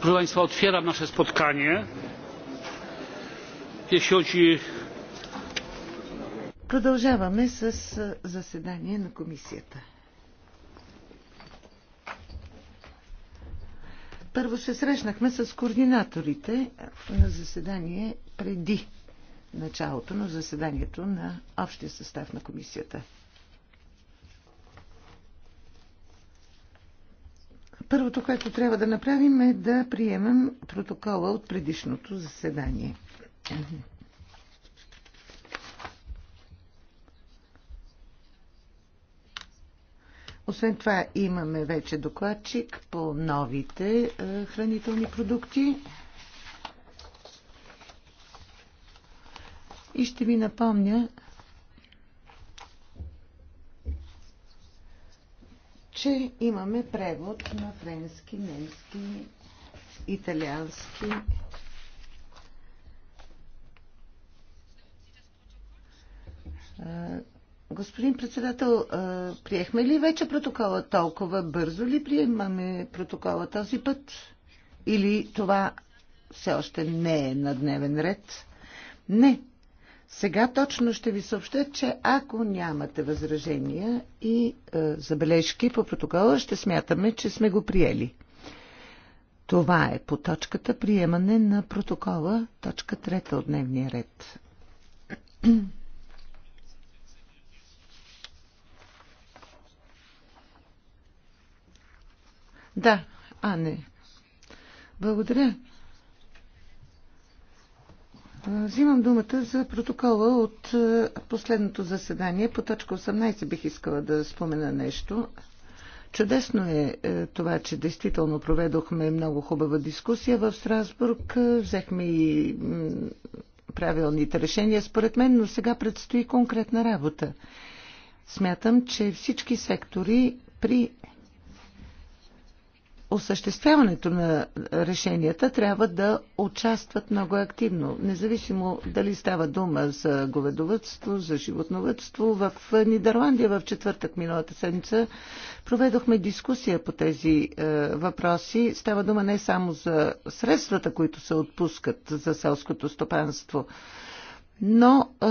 proszę państwa otwieram nasze spotkanie. jeśli chodzi Продължаваме с заседание на комисията. Първо се срещнахме с координаторите на заседание преди началото на заседанието на общия състав на комисията. Първото, което трябва да направим е да приемем протокола от предишното заседание. Освен това имаме вече докладчик по новите е, хранителни продукти. И ще ви напомня, че имаме превод на френски, немски, италиански. Господин председател, приехме ли вече протокола толкова бързо ли приемаме протокола този път? Или това все още не е на дневен ред? Не, сега точно ще ви съобща, че ако нямате възражения и е, забележки по протокола, ще смятаме, че сме го приели. Това е по точката приемане на протокола, точка трета от дневния ред. Да, а не. Благодаря. Взимам думата за протокола от последното заседание. По точка 18 бих искала да спомена нещо. Чудесно е, е това, че действително проведохме много хубава дискусия в Страсбург. Взехме и правилните решения, според мен, но сега предстои конкретна работа. Смятам, че всички сектори при осъществяването на решенията трябва да участват много активно, независимо дали става дума за говедовътство, за животновътство. В Нидерландия в четвъртък миналата седмица проведохме дискусия по тези е, въпроси. Става дума не само за средствата, които се отпускат за селското стопанство, но а,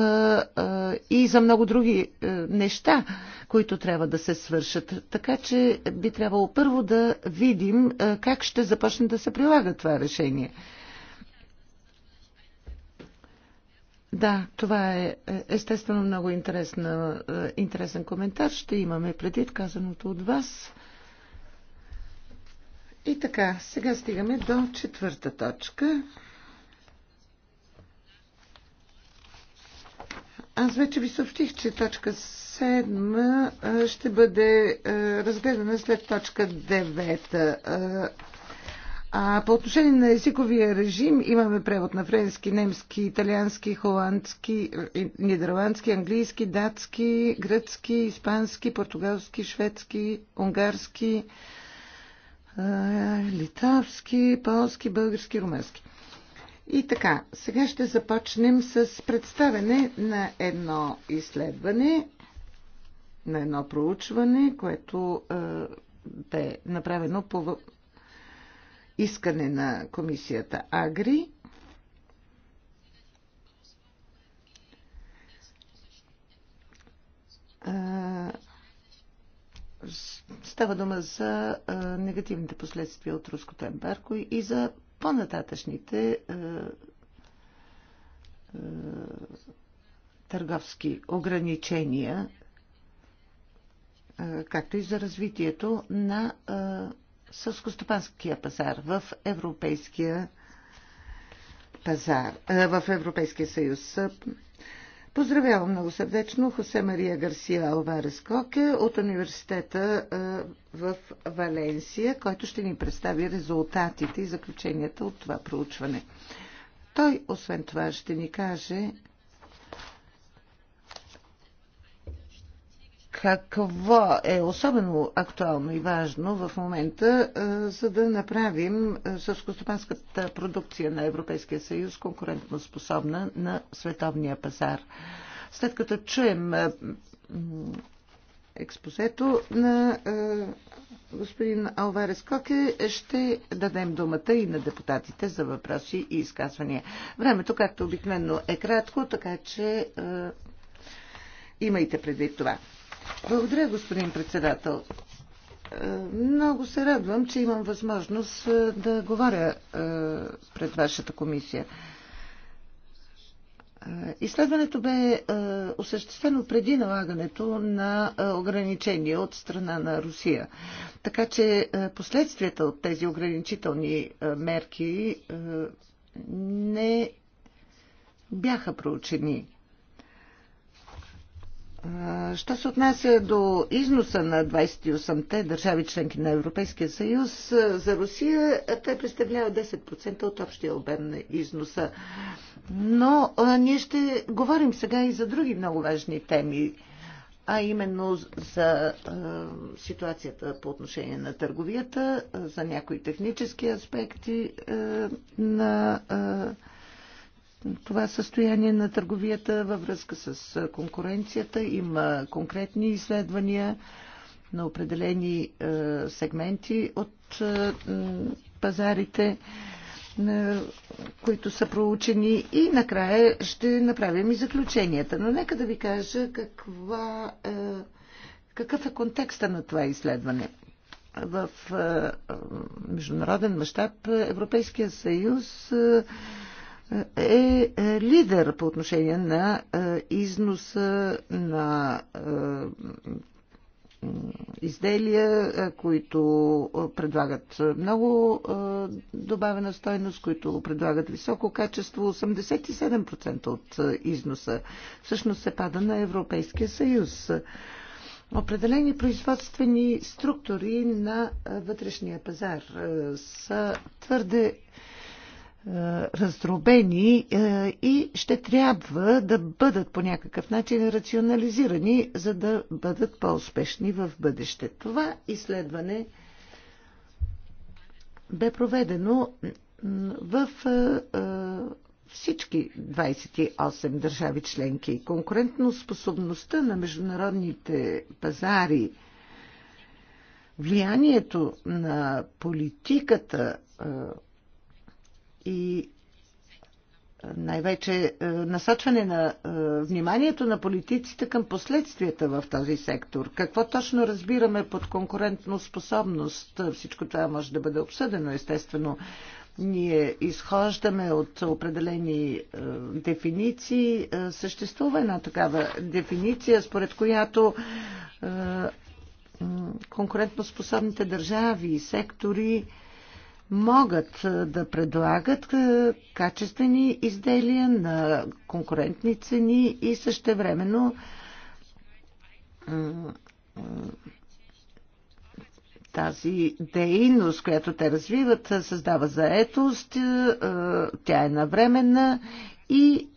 а, и за много други а, неща, които трябва да се свършат. Така че би трябвало първо да видим а, как ще започне да се прилага това решение. Да, това е естествено много интересна, интересен коментар. Ще имаме предвид казаното от вас. И така, сега стигаме до четвърта точка. Аз вече ви съобщих, че точка 7 ще бъде разгледана след точка 9. А по отношение на езиковия режим имаме превод на френски, немски, италиански, холандски, нидерландски, английски, датски, гръцки, испански, португалски, шведски, унгарски, литавски, полски, български, румънски. И така, сега ще започнем с представене на едно изследване, на едно проучване, което е, бе направено по искане на комисията Агри. Е, става дума за е, негативните последствия от руското ембарко и за по-нататъчните е, е, търговски ограничения, е, както и за развитието на е, сълскостопанския пазар в Европейския пазар, е, в Европейския съюз. Поздравявам много сърдечно Хосе Мария Гарсия Алварес Коке от университета в Валенсия, който ще ни представи резултатите и заключенията от това проучване. Той, освен това, ще ни каже какво е особено актуално и важно в момента, е, за да направим е, сълскостопанската продукция на Европейския съюз способна на световния пазар. След като чуем е, експозето на господин Алварес Коке, ще дадем думата и на депутатите за въпроси и изказвания. Времето, както обикновено, е кратко, така че имайте предвид това. Благодаря, господин председател. Е, много се радвам, че имам възможност е, да говоря е, пред вашата комисия. Изследването бе осъществено преди налагането на ограничения от страна на Русия. Така че последствията от тези ограничителни мерки не бяха проучени Що се отнася до износа на 28-те държави членки на Европейския съюз, за Русия те представляват 10% от общия обем на износа. Но а, ние ще говорим сега и за други много важни теми, а именно за а, ситуацията по отношение на търговията, за някои технически аспекти а, на. А, това състояние на търговията във връзка с конкуренцията. Има конкретни изследвания на определени сегменти от пазарите, които са проучени и накрая ще направим и заключенията. Но нека да ви кажа каква, какъв е контекста на това изследване. В международен мащаб Европейския съюз е, е лидер по отношение на е, износа на е, изделия, които предлагат много добавена стойност, които предлагат високо качество. 87% от износа всъщност се пада на Европейския съюз. Определени производствени структури на вътрешния пазар са твърде е, раздробени е, и ще трябва да бъдат по някакъв начин рационализирани, за да бъдат по-успешни в бъдеще. Това изследване бе проведено в е, всички 28 държави членки. Конкурентно способността на международните пазари, влиянието на политиката и най-вече насочване на вниманието на политиците към последствията в този сектор. Какво точно разбираме под конкурентно способност? Всичко това може да бъде обсъдено, естествено. Ние изхождаме от определени дефиниции. Съществува една такава дефиниция, според която способните държави и сектори могат да предлагат качествени изделия на конкурентни цени и същевременно тази дейност, която те развиват, създава заетост, тя е навременна и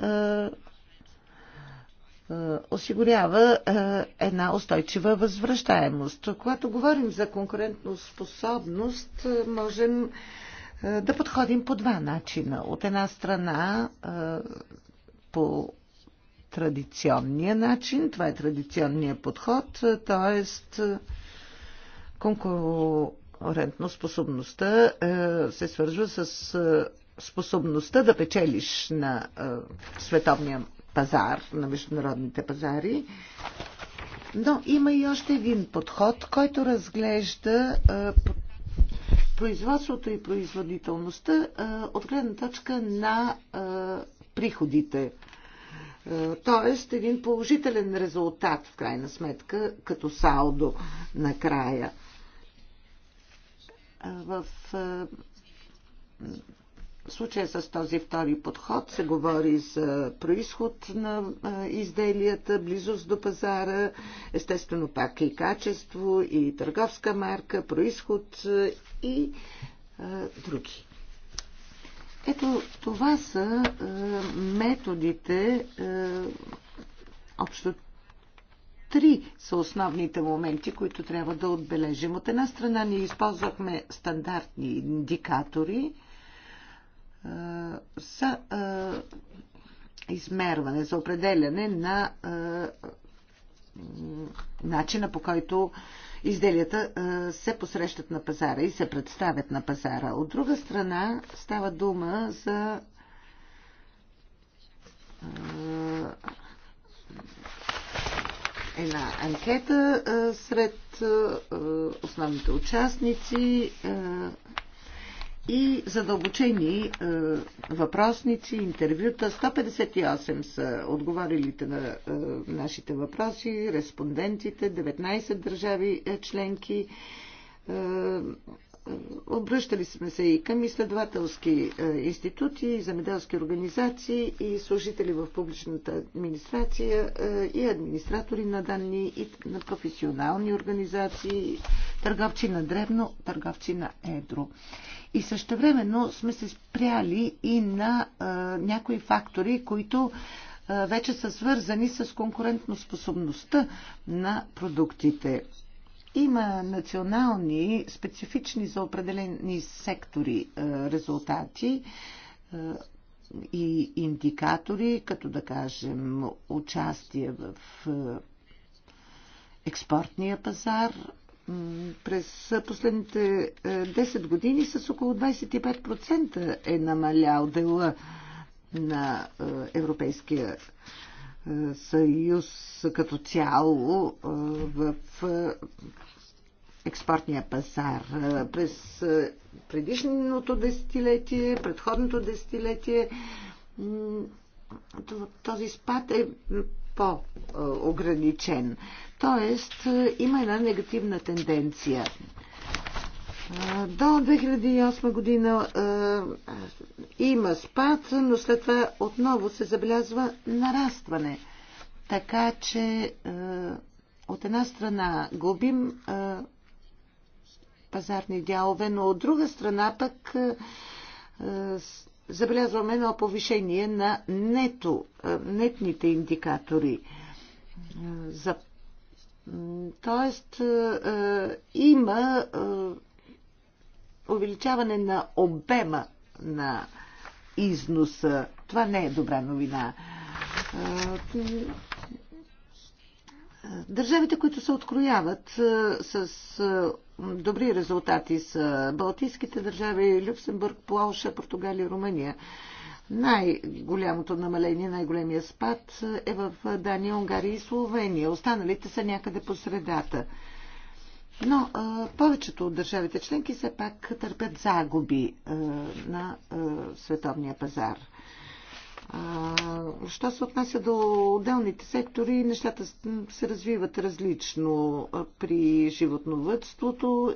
е, осигурява е, една устойчива възвръщаемост. Когато говорим за способност, е, можем да подходим по два начина. От една страна по традиционния начин, това е традиционния подход, т.е. способността се свързва с способността да печелиш на световния пазар, на международните пазари. Но има и още един подход, който разглежда производството и производителността от гледна точка на приходите. Тоест един положителен резултат, в крайна сметка, като салдо накрая. В в случая с този втори подход се говори за происход на изделията, близост до пазара, естествено пак и качество, и търговска марка, происход и а, други. Ето това са а, методите, а, общо три са основните моменти, които трябва да отбележим. От една страна ние използвахме стандартни индикатори, за е, е, измерване, за определяне на е, начина по който изделията се посрещат на пазара и се представят на пазара. От друга страна става дума за една анкета сред основните участници и задълбочени е, въпросници, интервюта. 158 са отговарилите на е, нашите въпроси, респондентите, 19 държави е, членки. Е, е, Обръщали сме се и към изследователски е, институти, замеделски организации и служители в публичната администрация е, и администратори на данни и на професионални организации, търговци на дребно, търговци на едро. И също времено сме се спряли и на а, някои фактори, които а, вече са свързани с конкурентноспособността на продуктите. Има национални, специфични за определени сектори а, резултати а, и индикатори, като да кажем участие в а, експортния пазар, през последните 10 е, години с около 25% е намалял дела на е, Европейския е, съюз като цяло в експортния пазар. През предишното десетилетие, предходното десетилетие този спад е по-ограничен. Тоест, е, има една негативна тенденция. Е, до 2008 година е, има спад, но след това отново се забелязва нарастване. Така че от една страна губим пазарни дялове, но от друга страна пък забелязваме едно повишение на нето, нетните индикатори. За... Тоест, има увеличаване на обема на износа. Това не е добра новина. Държавите, които се открояват с добри резултати са Балтийските държави, Люксембург, Полша, Португалия, Румъния. Най-голямото намаление, най-големия спад е в Дания, Унгария и Словения. Останалите са някъде по средата. Но а, повечето от държавите членки все пак търпят загуби а, на а, световния пазар. Що се отнася до отделните сектори, нещата се развиват различно. При животновътството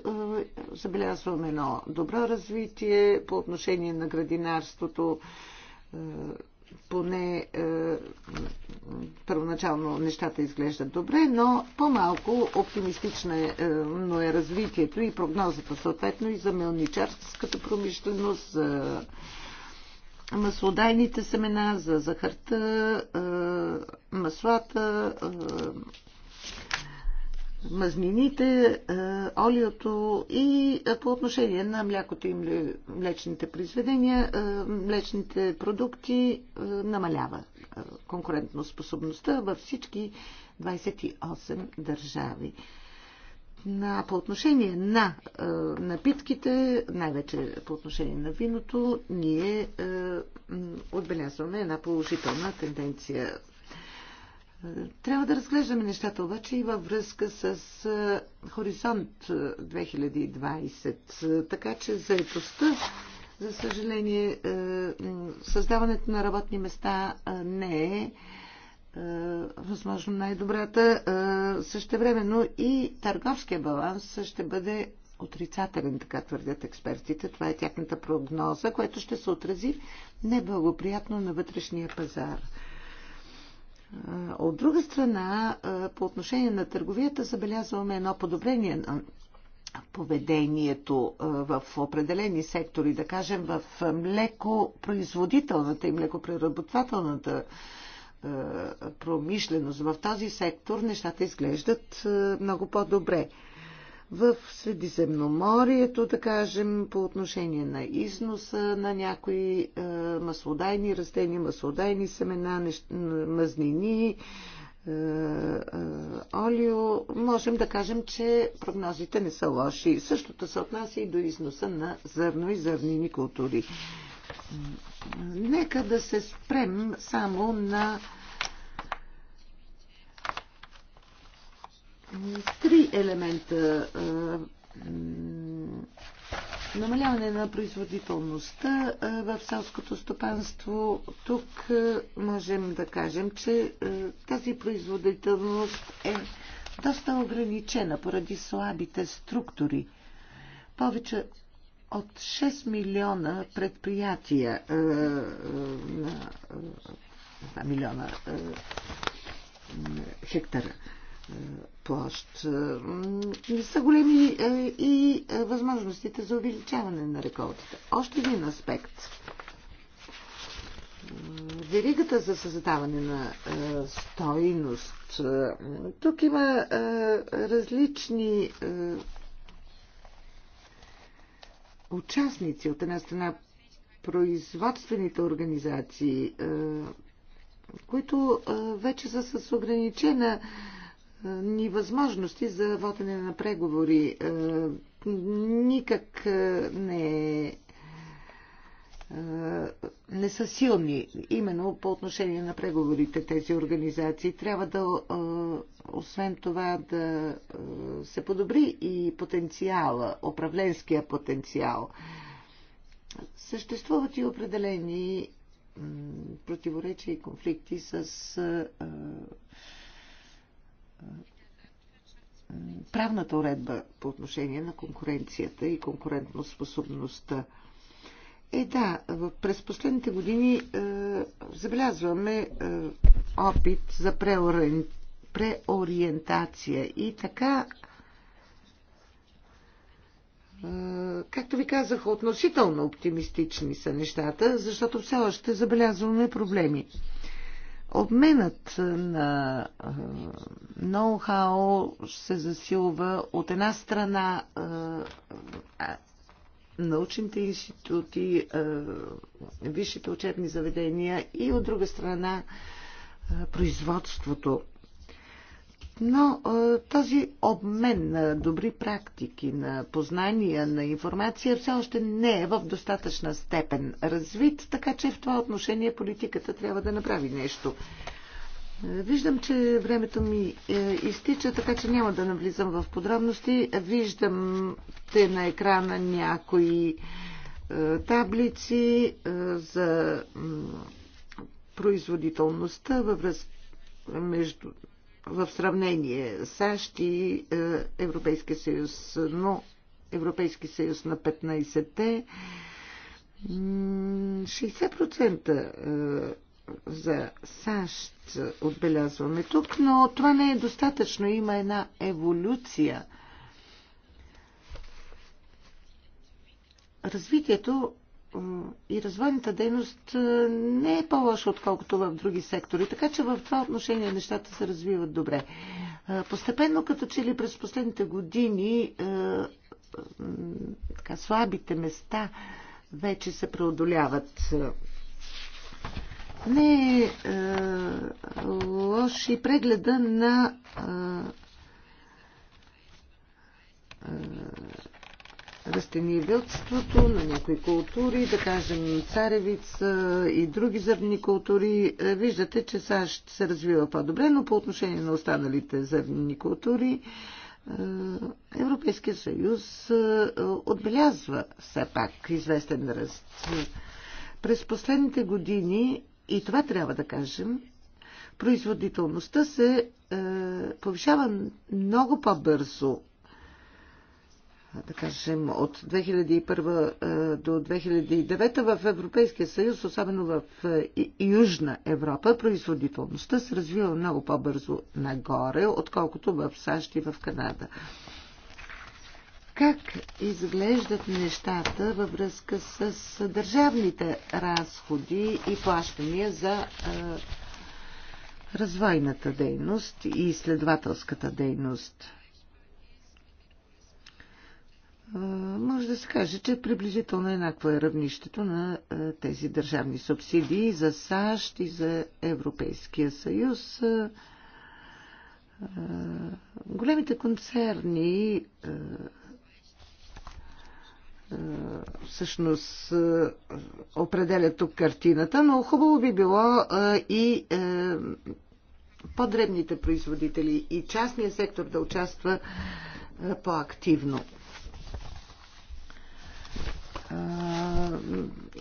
забелязваме едно добро развитие по отношение на градинарството. Поне първоначално нещата изглеждат добре, но по-малко оптимистично е, е, е развитието и прогнозата съответно и за мелничарската промишленост, за маслодайните семена, за захарта, маслата, мазнините, олиото и по отношение на млякото и млечните произведения, млечните продукти намалява конкурентно способността във всички 28 държави на, по отношение на е, напитките, най-вече по отношение на виното, ние е, отбелязваме една положителна тенденция. Е, трябва да разглеждаме нещата обаче и във връзка с е, Хоризонт 2020. Е, така че заетостта, за съжаление, създаването на работни места не е е, възможно най-добрата. Е, време, но и търговския баланс ще бъде отрицателен, така твърдят експертите. Това е тяхната прогноза, което ще се отрази неблагоприятно на вътрешния пазар. Е, от друга страна, по отношение на търговията забелязваме едно подобрение на поведението в определени сектори, да кажем в млекопроизводителната и млекопреработвателната е, промишленост, в този сектор нещата изглеждат е, много по-добре. В Средиземноморието, да кажем, по отношение на износа на някои е, маслодайни растения, маслодайни семена, мазнини, олио, можем да кажем, че прогнозите не са лоши. Същото се отнася и до износа на зърно и зърнини култури. Нека да се спрем само на три елемента. Намаляване на производителността в селското стопанство. Тук можем да кажем, че тази производителност е доста ограничена поради слабите структури. Повече от 6 милиона предприятия на 2 милиона хектара площ. Не са големи е, и е, възможностите за увеличаване на реколтите. Още един аспект. Веригата за създаване на е, стойност. Тук има различни участници. От една страна производствените организации, които вече са с ограничена ни възможности за водене на преговори. Никак не не са силни. Именно по отношение на преговорите тези организации трябва да, освен това, да се подобри и потенциала, управленския потенциал. Съществуват и определени противоречия и конфликти с правната уредба по отношение на конкуренцията и способността. Е, да, през последните години е, забелязваме е, опит за преорен... преориентация и така, е, както ви казах, относително оптимистични са нещата, защото все още забелязваме проблеми. Е, Обменът на ноу-хау се засилва от една страна научните институти, висшите учебни заведения и от друга страна производството. Но този обмен на добри практики, на познания, на информация все още не е в достатъчна степен развит, така че в това отношение политиката трябва да направи нещо. Виждам, че времето ми е, изтича, така че няма да навлизам в подробности. Виждам те на екрана някои е, таблици е, за производителността във връзка между в сравнение САЩ и е, Европейския съюз, но Европейски съюз на 15-те 60% е, за САЩ отбелязваме тук, но това не е достатъчно. Има една еволюция. Развитието и развойната дейност не е по-лоша, отколкото в други сектори. Така че в това отношение нещата се развиват добре. Постепенно, като че ли през последните години така, слабите места вече се преодоляват. Не е, лоши прегледа на растениевътството, на някои култури, да кажем царевица и други зърнени култури. Е, виждате, че САЩ се развива по-добре, но по отношение на останалите зърнени култури е, Европейския съюз е, отбелязва все пак известен ръст. През последните години, и това трябва да кажем, производителността се повишава много по-бързо да кажем, от 2001 е, до 2009 в Европейския съюз, особено в е, Южна Европа, производителността се развива много по-бързо нагоре, отколкото в САЩ и в Канада. Как изглеждат нещата във връзка с държавните разходи и плащания за е, развойната дейност и изследователската дейност? може да се каже, че приблизително еднакво е равнището на тези държавни субсидии за САЩ и за Европейския съюз. Големите концерни всъщност определят тук картината, но хубаво би било и по-дребните производители и частния сектор да участва по-активно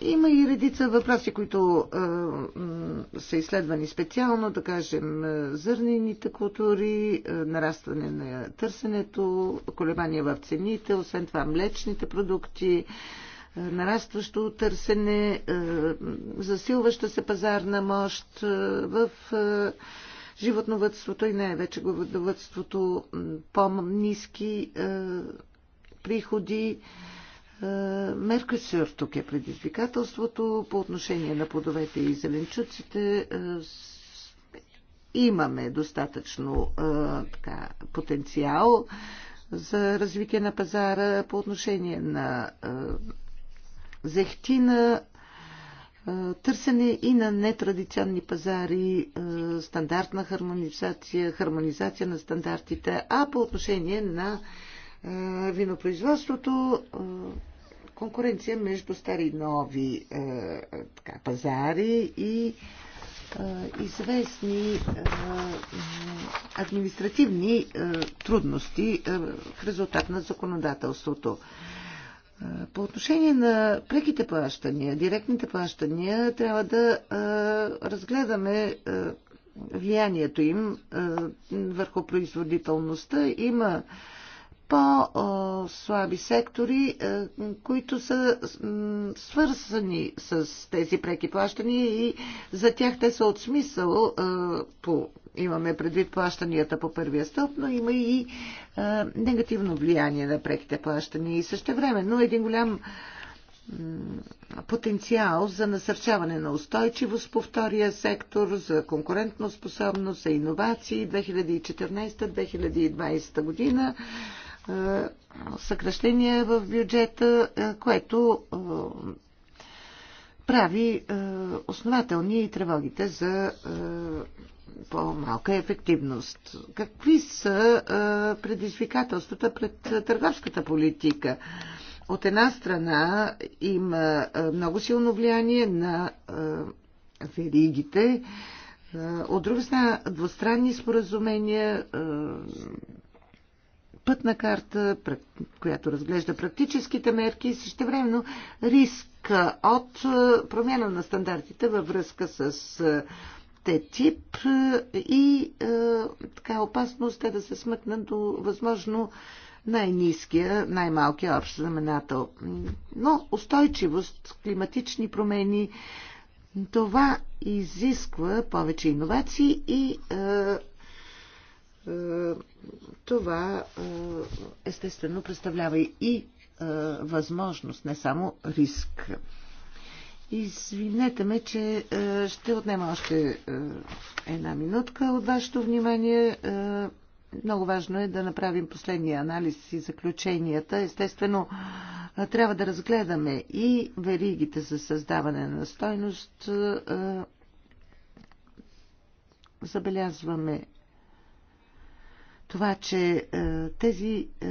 има и редица въпроси, които са изследвани специално, да кажем зърнените култури, нарастване на търсенето, колебания в цените, освен това млечните продукти, нарастващо търсене, засилваща се пазарна мощ в животновътството и най-вече говедовътството, по-низки приходи. Е, Меркасюр тук е предизвикателството по отношение на плодовете и зеленчуците. Е, имаме достатъчно е, така, потенциал за развитие на пазара по отношение на зехтина, търсене и на нетрадиционни пазари, стандартна хармонизация, хармонизация на стандартите, а по отношение на винопроизводството, конкуренция между стари и нови така, пазари и известни административни трудности в резултат на законодателството. По отношение на преките плащания, директните плащания, трябва да разгледаме влиянието им върху производителността. Има по-слаби сектори, е, които са свързани с тези преки плащания и за тях те са от смисъл. Е, по, имаме предвид плащанията по първия стълб, но има и е, негативно влияние на преките плащания. И също време, но един голям потенциал за насърчаване на устойчивост по втория сектор, за конкурентно способност, за иновации 2014-2020 година. Е, съкръщения в бюджета, е, което е, прави основателни и тревогите за по-малка ефективност. Какви са предизвикателствата пред търговската политика? От една страна има много силно влияние на веригите, от друга страна двустранни споразумения, пътна карта, която разглежда практическите мерки и същевременно риск от е, промяна на стандартите във връзка с е, тип е, и така опасност е да се смъкнат до възможно най-низкия, най-малкия общ знаменател. Но устойчивост, климатични промени, това изисква повече иновации и е, е, това е, естествено представлява и е, възможност, не само риск. Извинете ме, че ще отнема още една минутка от вашето внимание. Много важно е да направим последния анализ и заключенията. Естествено, трябва да разгледаме и веригите за създаване на стойност. Забелязваме това, че е, тези е,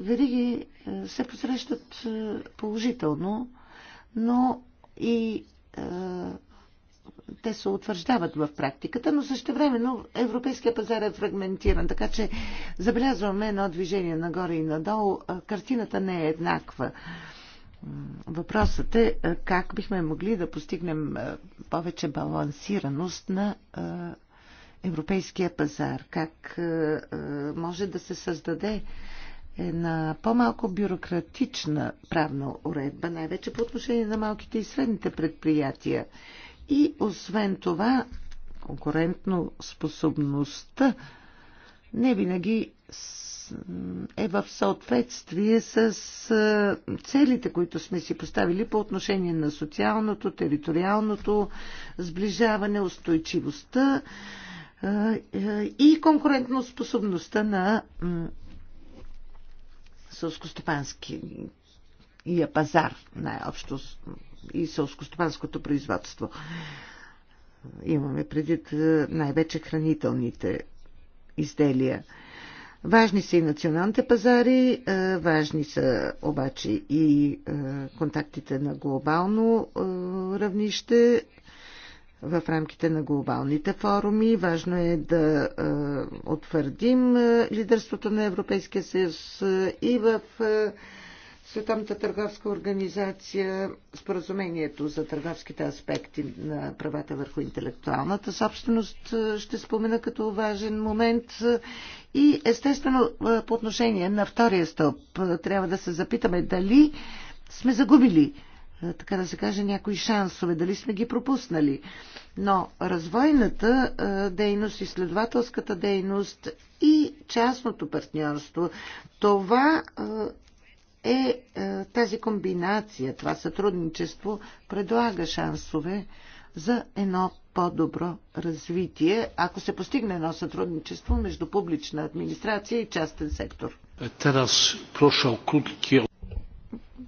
вериги е, се посрещат положително, но и те се утвърждават в практиката, но същевременно европейския пазар е фрагментиран, така че забелязваме едно движение нагоре и надолу. Картината не е еднаква. Въпросът е как бихме могли да постигнем повече балансираност на европейския пазар, как е, е, може да се създаде една по-малко бюрократична правна уредба, най-вече по отношение на малките и средните предприятия. И освен това, конкурентно способността не винаги е в съответствие с е, целите, които сме си поставили по отношение на социалното, териториалното сближаване, устойчивостта и конкурентноспособността на сълскостопанския пазар, най-общо и сълскостопанското производство. Имаме предвид най-вече хранителните изделия. Важни са и националните пазари, важни са обаче и контактите на глобално равнище в рамките на глобалните форуми. Важно е да е, утвърдим е, лидерството на Европейския съюз е, и в е, Световната търговска организация споразумението за търговските аспекти на правата върху интелектуалната собственост е, ще спомена като важен момент. И естествено е, по отношение на втория стълб е, трябва да се запитаме дали сме загубили е, така да се каже, някои шансове, дали сме ги пропуснали. Но развойната е, дейност, изследователската дейност и частното партньорство, това е, е тази комбинация, това сътрудничество предлага шансове за едно по-добро развитие, ако се постигне едно сътрудничество между публична администрация и частен сектор.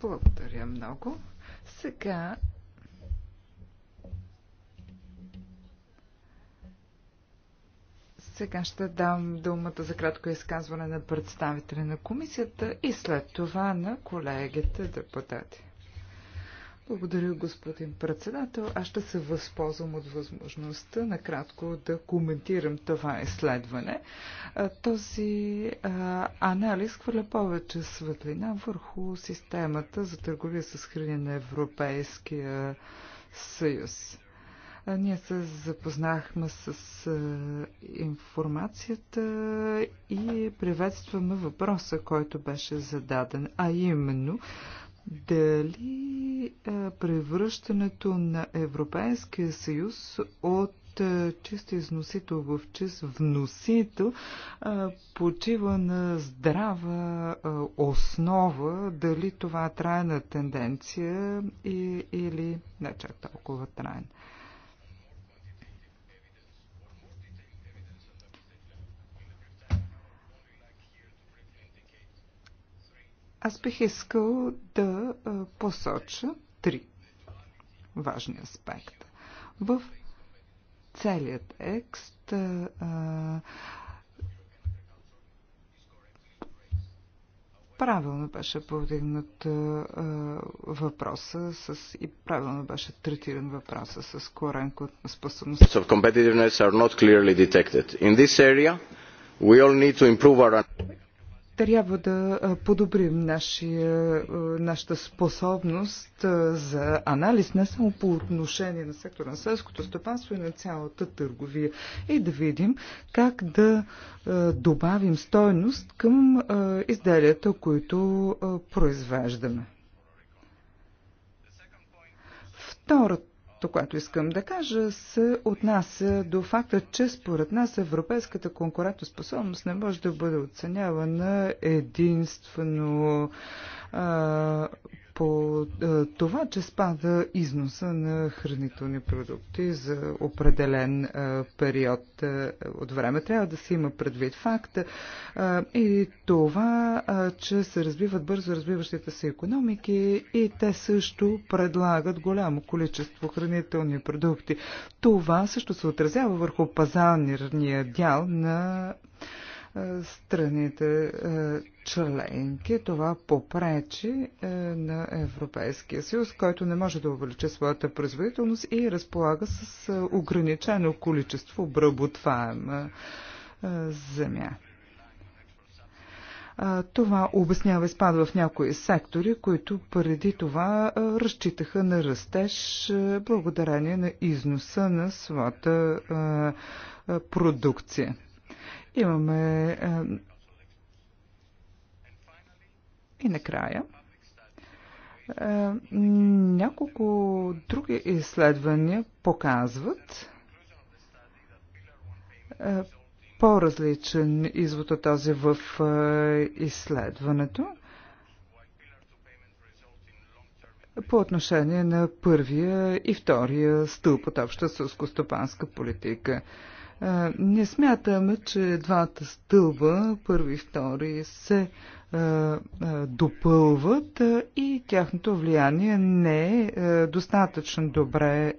Благодаря много. Сега Сега ще дам думата за кратко изказване на представителя на комисията и след това на колегите депутати. Благодаря, господин председател. Аз ще се възползвам от възможността накратко да коментирам това изследване. Този анализ хвърля повече светлина върху системата за търговия с храни на Европейския съюз. Ние се запознахме с информацията и приветстваме въпроса, който беше зададен, а именно дали превръщането на Европейския съюз от чист износител в чист вносител почива на здрава основа, дали това е трайна тенденция или не чак толкова трайна. Аз бих искал да посоча три важни аспекта. В целият текст а, правилно беше повдигнат а, въпроса с, и правилно беше третиран въпроса с коренко на способността. are not In this area, we all need to improve our трябва да подобрим нашия, нашата способност за анализ не само по отношение на сектора на селското стопанство и на цялата търговия и да видим как да добавим стойност към изделията, които произвеждаме. Втората то, което искам да кажа, се отнася до факта, че според нас европейската конкурентоспособност не може да бъде оценявана единствено а, по е, това, че спада износа на хранителни продукти за определен е, период е, от време. Трябва да се има предвид факта и това, че се развиват бързо развиващите се економики и те също предлагат голямо количество хранителни продукти. Това също се отразява върху пазарния дял на е, страните е, членки. Това попречи е, на Европейския съюз, който не може да увеличи своята производителност и разполага с ограничено количество обработваема земя. Това обяснява изпада в някои сектори, които преди това разчитаха на растеж благодарение на износа на своята продукция. Имаме и накрая няколко други изследвания показват по-различен извод от този в е, изследването. по отношение на първия и втория стълб от обща сълскостопанска политика. Е, не смятаме, че двата стълба, първи и втори, се е, е, допълват и тяхното влияние не е достатъчно добре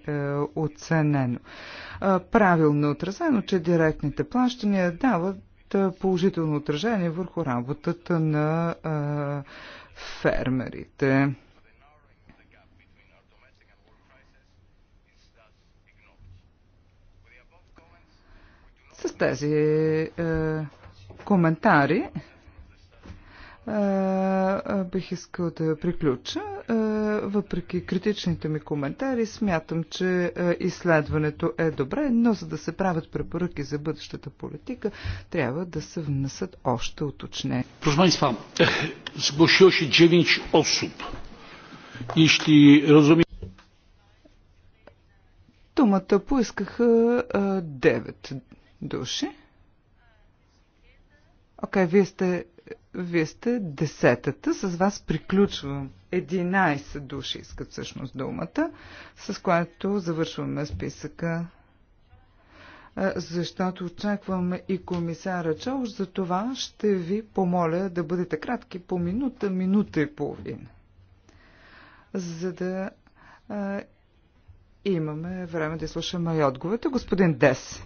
оценено. Правилно отразено, че директните плащания дават положително отражение върху работата на фермерите. С тези е, коментари е, е, бих искал да приключа. Е, въпреки критичните ми коментари, смятам, че изследването е добре, но за да се правят препоръки за бъдещата политика, трябва да се внесат още уточнение. Proszę Państwa, zgłosiło Джевинч 9 И ще разуми... Думата поискаха 9 души. Окей, okay, вие сте, вие сте десетата, с вас приключвам. 11 души искат всъщност думата, с което завършваме списъка защото очакваме и комисара Чолш, за това ще ви помоля да бъдете кратки по минута, минута и половина, за да а, имаме време да слушаме и отговорите. Господин Дес.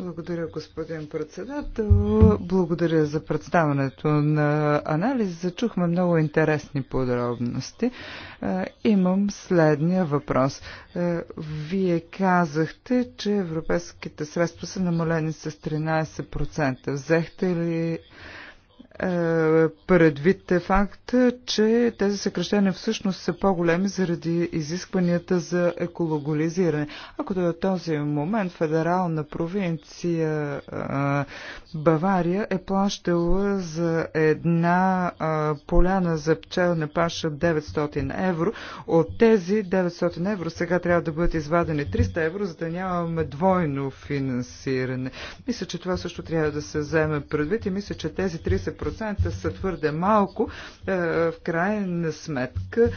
Благодаря, господин председател. Благодаря за представането на анализа. Чухме много интересни подробности. Е, имам следния въпрос. Е, вие казахте, че европейските средства са намалени с 13%. Взехте ли е, предвид е факта, че тези съкръщения всъщност са по-големи заради изискванията за екологолизиране. Ако до този момент федерална провинция е, Бавария е плащала за една е, поляна за пчелна паша 900 евро, от тези 900 евро сега трябва да бъдат извадени 300 евро, за да нямаме двойно финансиране. Мисля, че това също трябва да се вземе предвид и мисля, че тези 30 Процента са твърде малко. Е, в крайна сметка е,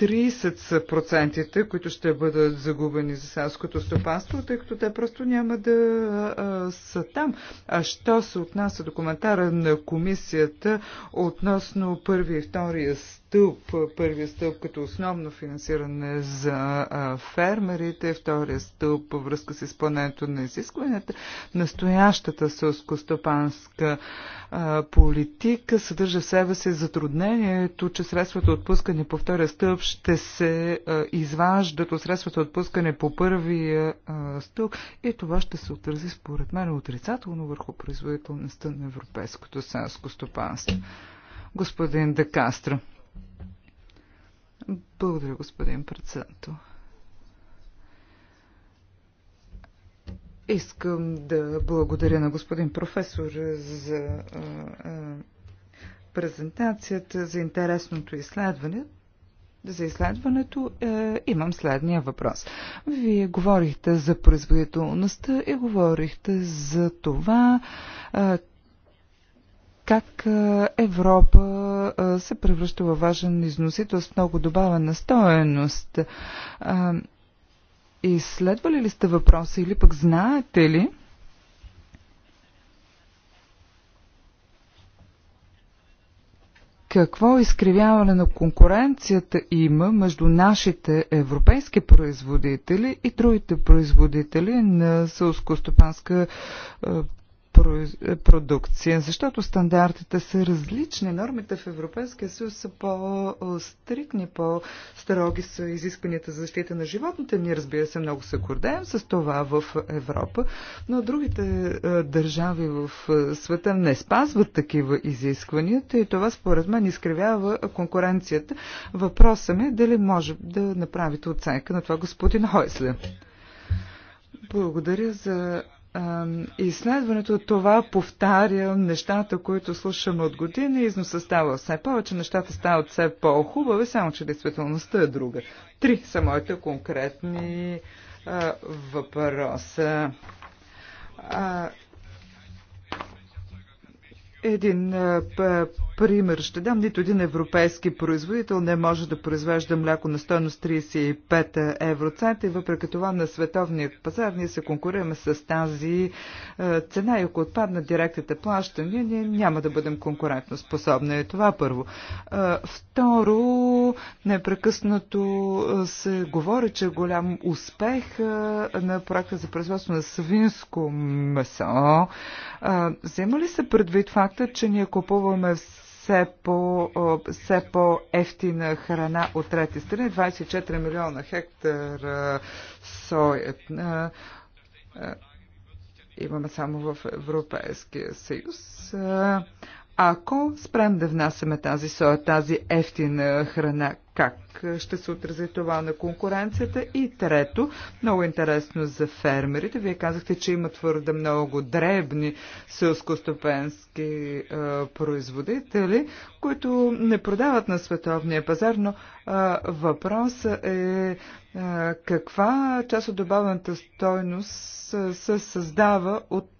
30 са процентите, които ще бъдат загубени за селското стопанство, тъй като те просто няма да а, са там. А що се отнася до коментара на комисията относно първи и втория стълб, първия стълб като основно финансиране за а, фермерите, втория стълб във връзка с изпълнението на изискванията, настоящата селско-стопанска политика съдържа в себе си затруднението, че средствата отпускани по втория стълб ще се изваждат от средствата отпускане по първия стълб и това ще се отрази според мен отрицателно върху производителността на европейското селско стопанство. Господин Декастро. Благодаря, господин председател. Искам да благодаря на господин професор за презентацията, за интересното изследване за изследването е, имам следния въпрос. Вие говорихте за производителността и говорихте за това е, как е, Европа е, се превръща във важен износител с много добавена стоеност. Е, изследвали ли сте въпроса или пък знаете ли какво изкривяване на конкуренцията има между нашите европейски производители и другите производители на селскостопанска е, е, продукция, защото стандартите са различни. Нормите в Европейския съюз са по-стрикни, по-строги са изискванията за защита на животните. Ние, разбира се, много се гордеем с това в Европа, но другите е, държави в е, света не спазват такива изискванията и това според мен изкривява конкуренцията. Въпросът ми е дали може да направите оценка на това господин Хойсле. Благодаря за изследването това повтаря нещата, които слушаме от години. Износа става все повече, нещата стават все по-хубави, само че действителността е друга. Три са моите конкретни а, въпроса. А, един е, пример ще дам. Нито един европейски производител не може да произвежда мляко на стоеност 35 евроцента и въпреки това на световния пазар ние се конкурираме с тази е, цена и ако отпаднат директните плащания, ние няма да бъдем конкурентно способни. Е, това първо. Второ, непрекъснато се говори, че е голям успех на проекта за производство на свинско месо. Взема ли се предвид факт, факта, че ние купуваме все по, все по-ефтина храна от трети страни. 24 милиона хектар соят имаме само в Европейския съюз. Ако спрем да внасяме тази соя, тази ефтина храна как ще се отрази това на конкуренцията? И трето, много интересно за фермерите. Вие казахте, че има твърде много дребни селскостопенски е, производители, които не продават на световния пазар, но е, въпросът е каква част от добавената стойност се създава от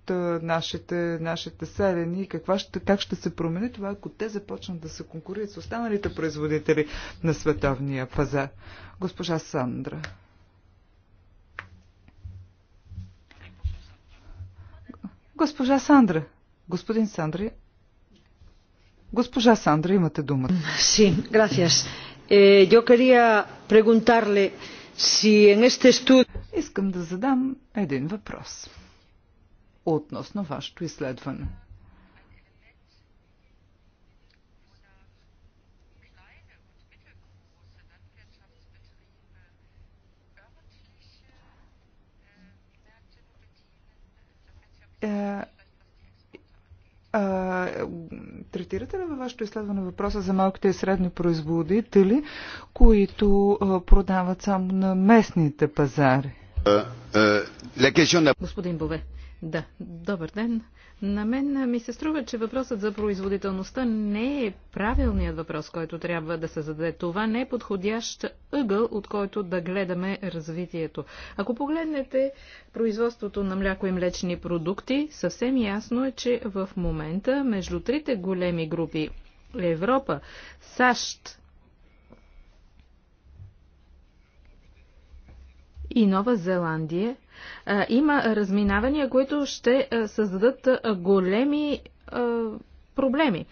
нашите, нашите селени и каква ще, как ще се промени това, ако те започнат да се конкурират с останалите производители на световния пазар? Госпожа Сандра. Госпожа Сандра. Господин Сандри. Госпожа Сандра, имате думата. Sí, gracias. Eh, е, yo quería preguntarle си en este estudio... Искам да задам един въпрос относно вашето изследване. Е, а, Третирате ли във вашето изследване въпроса за малките и средни производители, които продават само на местните пазари? Е, е, Господин Бове, да, добър ден. На мен ми се струва, че въпросът за производителността не е правилният въпрос, който трябва да се зададе. Това не е подходящ ъгъл, от който да гледаме развитието. Ако погледнете производството на мляко и млечни продукти, съвсем ясно е, че в момента между трите големи групи Европа, САЩ и Нова Зеландия, има разминавания, които ще създадат големи проблеми.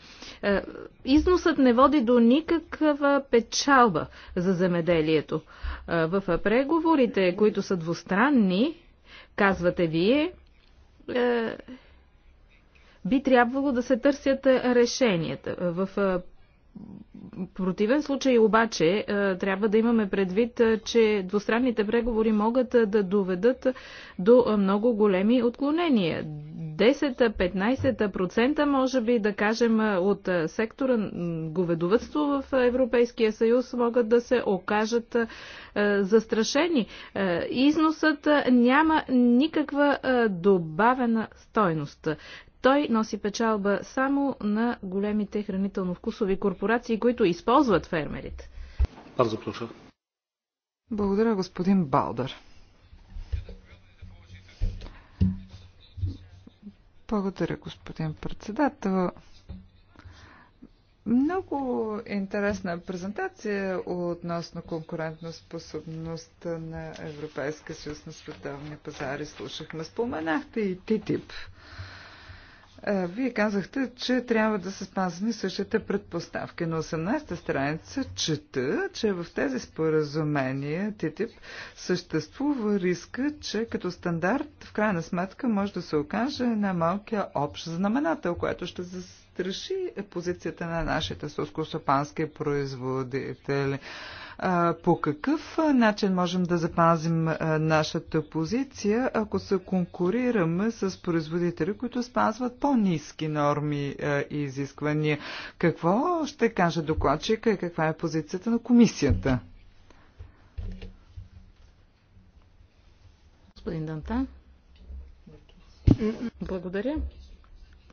Износът не води до никаква печалба за земеделието. В преговорите, които са двустранни, казвате вие, би трябвало да се търсят решенията. В противен случай обаче е, трябва да имаме предвид, е, че двустранните преговори могат е, да доведат до много големи отклонения. 10-15% може би да кажем от сектора говедовътство в Европейския съюз могат да се окажат застрашени. Износът няма никаква добавена стойност той носи печалба само на големите хранително-вкусови корпорации, които използват фермерите. Аз proszę. Благодаря, господин Балдър. Благодаря, господин председател. Много интересна презентация относно конкурентно способността на Европейска съюз на световния пазар слушахме. Споменахте и ТИТИП. Вие казахте, че трябва да се спазни същите предпоставки. На 18-та страница чета, че в тези споразумения ТТИП съществува риска, че като стандарт в крайна сметка може да се окаже най-малкия общ знаменател, което ще застраши позицията на нашите сълскостопански производители. По какъв начин можем да запазим нашата позиция, ако се конкурираме с производители, които спазват по-низки норми и изисквания? Какво ще каже докладчика и каква е позицията на комисията? Господин Данта. Благодаря.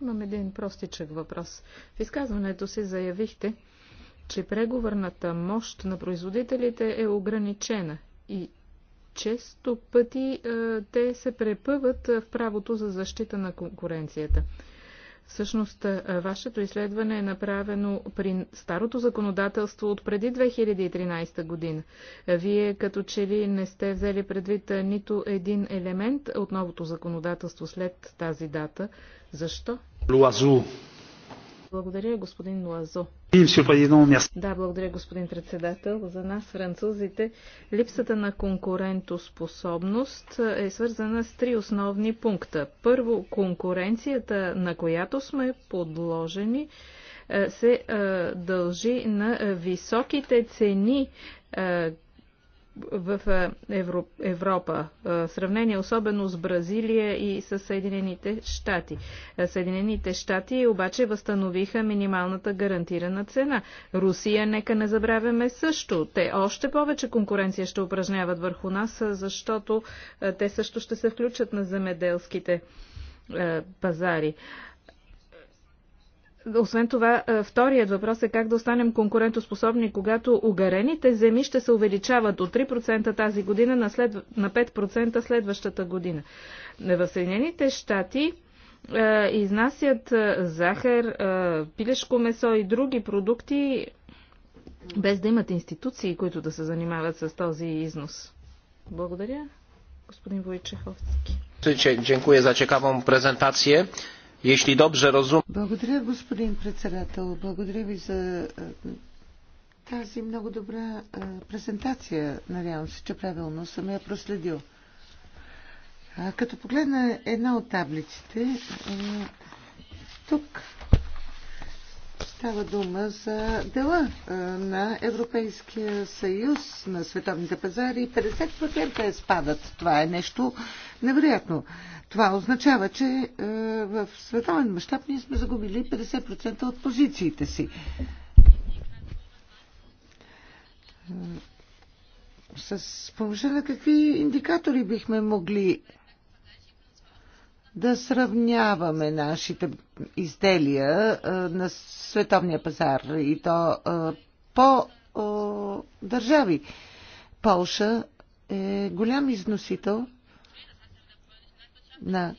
Имам един простичък въпрос. В изказването си заявихте, че преговорната мощ на производителите е ограничена и често пъти е, те се препъват в правото за защита на конкуренцията. Всъщност, е, вашето изследване е направено при старото законодателство от преди 2013 година. Вие като че ли не сте взели предвид е, нито един елемент от новото законодателство след тази дата. Защо? Благодаря, господин Лазо. Да, благодаря, господин председател. За нас, французите, липсата на конкурентоспособност е свързана с три основни пункта. Първо, конкуренцията, на която сме подложени, е, се е, дължи на високите цени, е, в е, Европа. Е, сравнение особено с Бразилия и с Съединените щати. Е, Съединените щати обаче възстановиха минималната гарантирана цена. Русия, нека не забравяме също. Те още повече конкуренция ще упражняват върху нас, защото те също ще се включат на земеделските пазари. Освен това, вторият въпрос е как да останем конкурентоспособни, когато угарените земи ще се увеличават от 3% тази година на, на 5% следващата година. В Съединените щати изнасят захар, пилешко месо и други продукти, без да имат институции, които да се занимават с този износ. Благодаря, господин Войчеховски. Dziękuję za ciekawą prezentację. Jeśli dobrze rozumiem. Благодаря, господин председател. Благодаря ви за е, тази много добра е, презентация. Надявам се, че правилно съм я проследил. Като погледна една от таблиците, е, тук става дума за дела на Европейския съюз, на световните пазари. 50% е спадат. Това е нещо невероятно. Това означава, че е, в световен мащаб ние сме загубили 50% от позициите си. С помощта на какви индикатори бихме могли да сравняваме нашите изделия е, на световния пазар и то е, по държави. Полша е голям износител на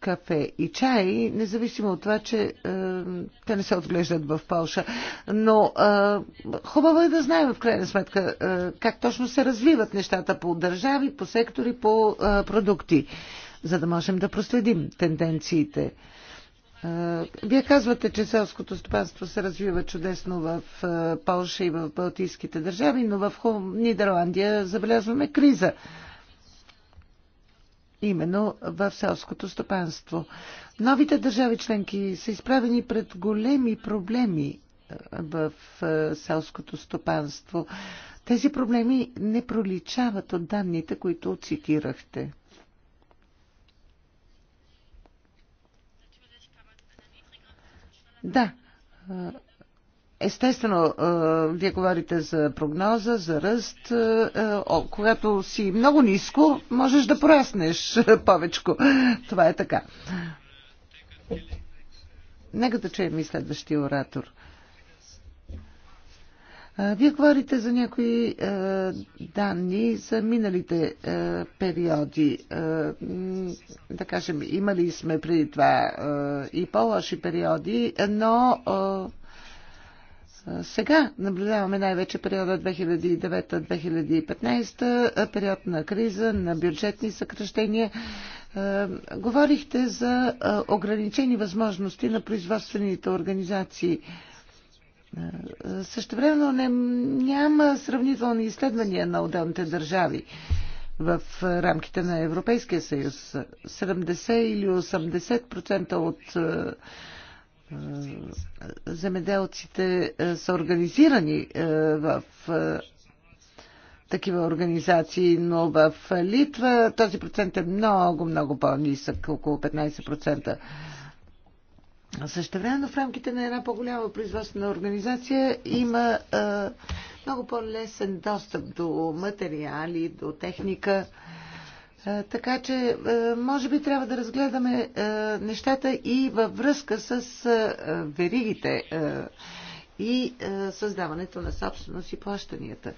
кафе и чай, независимо от това, че е, те не се отглеждат в Польша. Но е, хубаво е да знаем в крайна сметка е, как точно се развиват нещата по държави, по сектори, по е, продукти, за да можем да проследим тенденциите. Е, вие казвате, че селското стопанство се развива чудесно в е, Польша и в Балтийските държави, но в Нидерландия забелязваме криза. Е, именно в селското стопанство. Новите държави членки са изправени пред големи проблеми е, в е, селското стопанство. Тези проблеми не проличават от данните, които цитирахте. Да, е, Естествено, вие говорите за прогноза, за ръст. Когато си много ниско, можеш да пораснеш повечко. Това е така. Нека да чуем и следващия оратор. Вие говорите за някои данни за миналите периоди. да кажем, имали сме преди това и по-лоши периоди, но сега наблюдаваме най-вече периода 2009-2015, период на криза, на бюджетни съкръщения. Говорихте за ограничени възможности на производствените организации. Също не, няма сравнителни изследвания на отделните държави в рамките на Европейския съюз. 70 или 80% от е, земеделците е, са организирани е, в такива организации, но в Литва този процент е много, много по-нисък, около 15%. Също Същевременно в рамките на една по-голяма производствена организация има много по-лесен достъп до материали, до техника. А, е, така че, е, може би трябва да разгледаме е, нещата и във връзка с веригите и създаването на собственост и плащанията.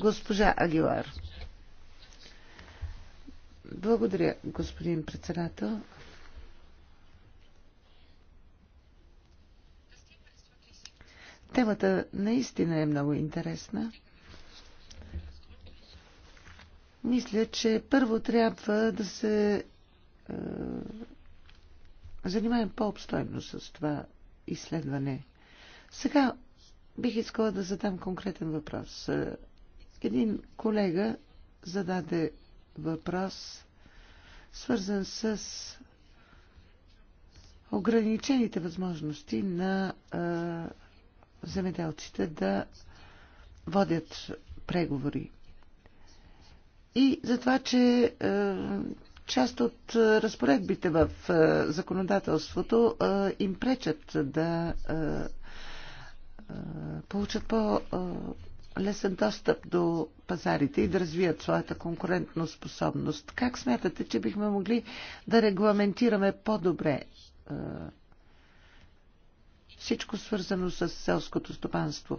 Госпожа Агилар. Благодаря, господин председател. Темата наистина е много интересна. Мисля, че първо трябва да се е, занимаем по-обстойно с това изследване. Сега бих искала да задам конкретен въпрос. Е, един колега зададе въпрос, свързан с ограничените възможности на е, земеделците да водят преговори и за това, че е, част от е, разпоредбите в е, законодателството им пречат да получат по-лесен достъп до пазарите и да развият своята конкурентно способност. Как смятате, че бихме могли да регламентираме по-добре всичко свързано с селското стопанство.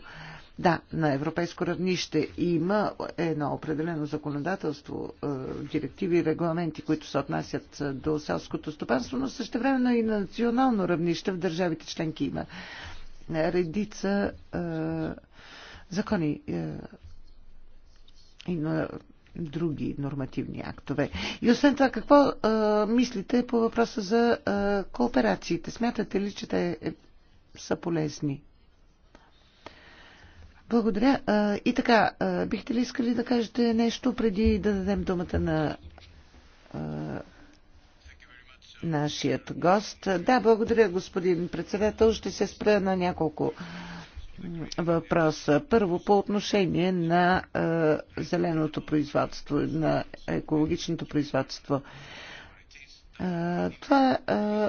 Да, на европейско равнище има едно определено законодателство, е, директиви и регламенти, които се отнасят е, до селското стопанство, но времено и на национално равнище в държавите членки има редица е, закони е, и на други нормативни актове. И освен това, какво е, мислите по въпроса за е, кооперациите? Смятате ли, че те са полезни. Благодаря. И така, бихте ли искали да кажете нещо преди да дадем думата на нашият гост? Да, благодаря, господин председател. Ще се спра на няколко въпроса. Първо, по отношение на зеленото производство, на екологичното производство. Това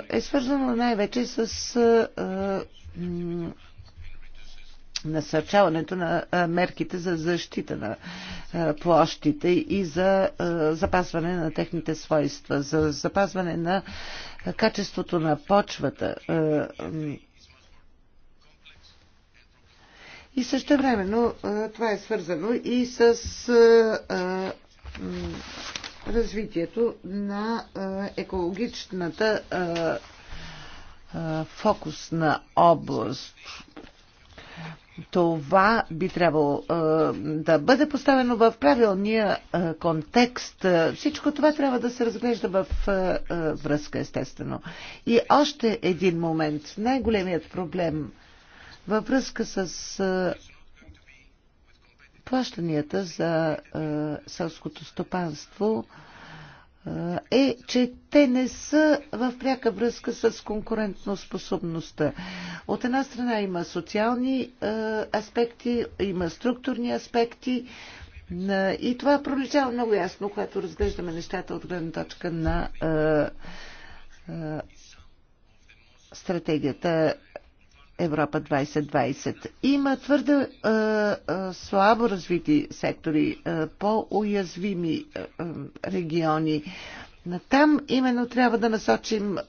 е свързано най-вече с насърчаването на мерките за защита на площите и за запазване на техните свойства, за запазване на качеството на почвата. И също времено това е свързано и с развитието на екологичната фокусна област. Това би трябвало да бъде поставено в правилния контекст. Всичко това трябва да се разглежда в връзка, естествено. И още един момент. Най-големият проблем във връзка с плащанията за е, селското стопанство е, е, че те не са в пряка връзка с конкурентно способността. От една страна има социални е, аспекти, има структурни аспекти и това проличава много ясно, когато разглеждаме нещата от гледна точка на стратегията Европа 2020. Има твърде е, е, слабо развити сектори, е, по-уязвими е, е региони. На там именно трябва да насочим е,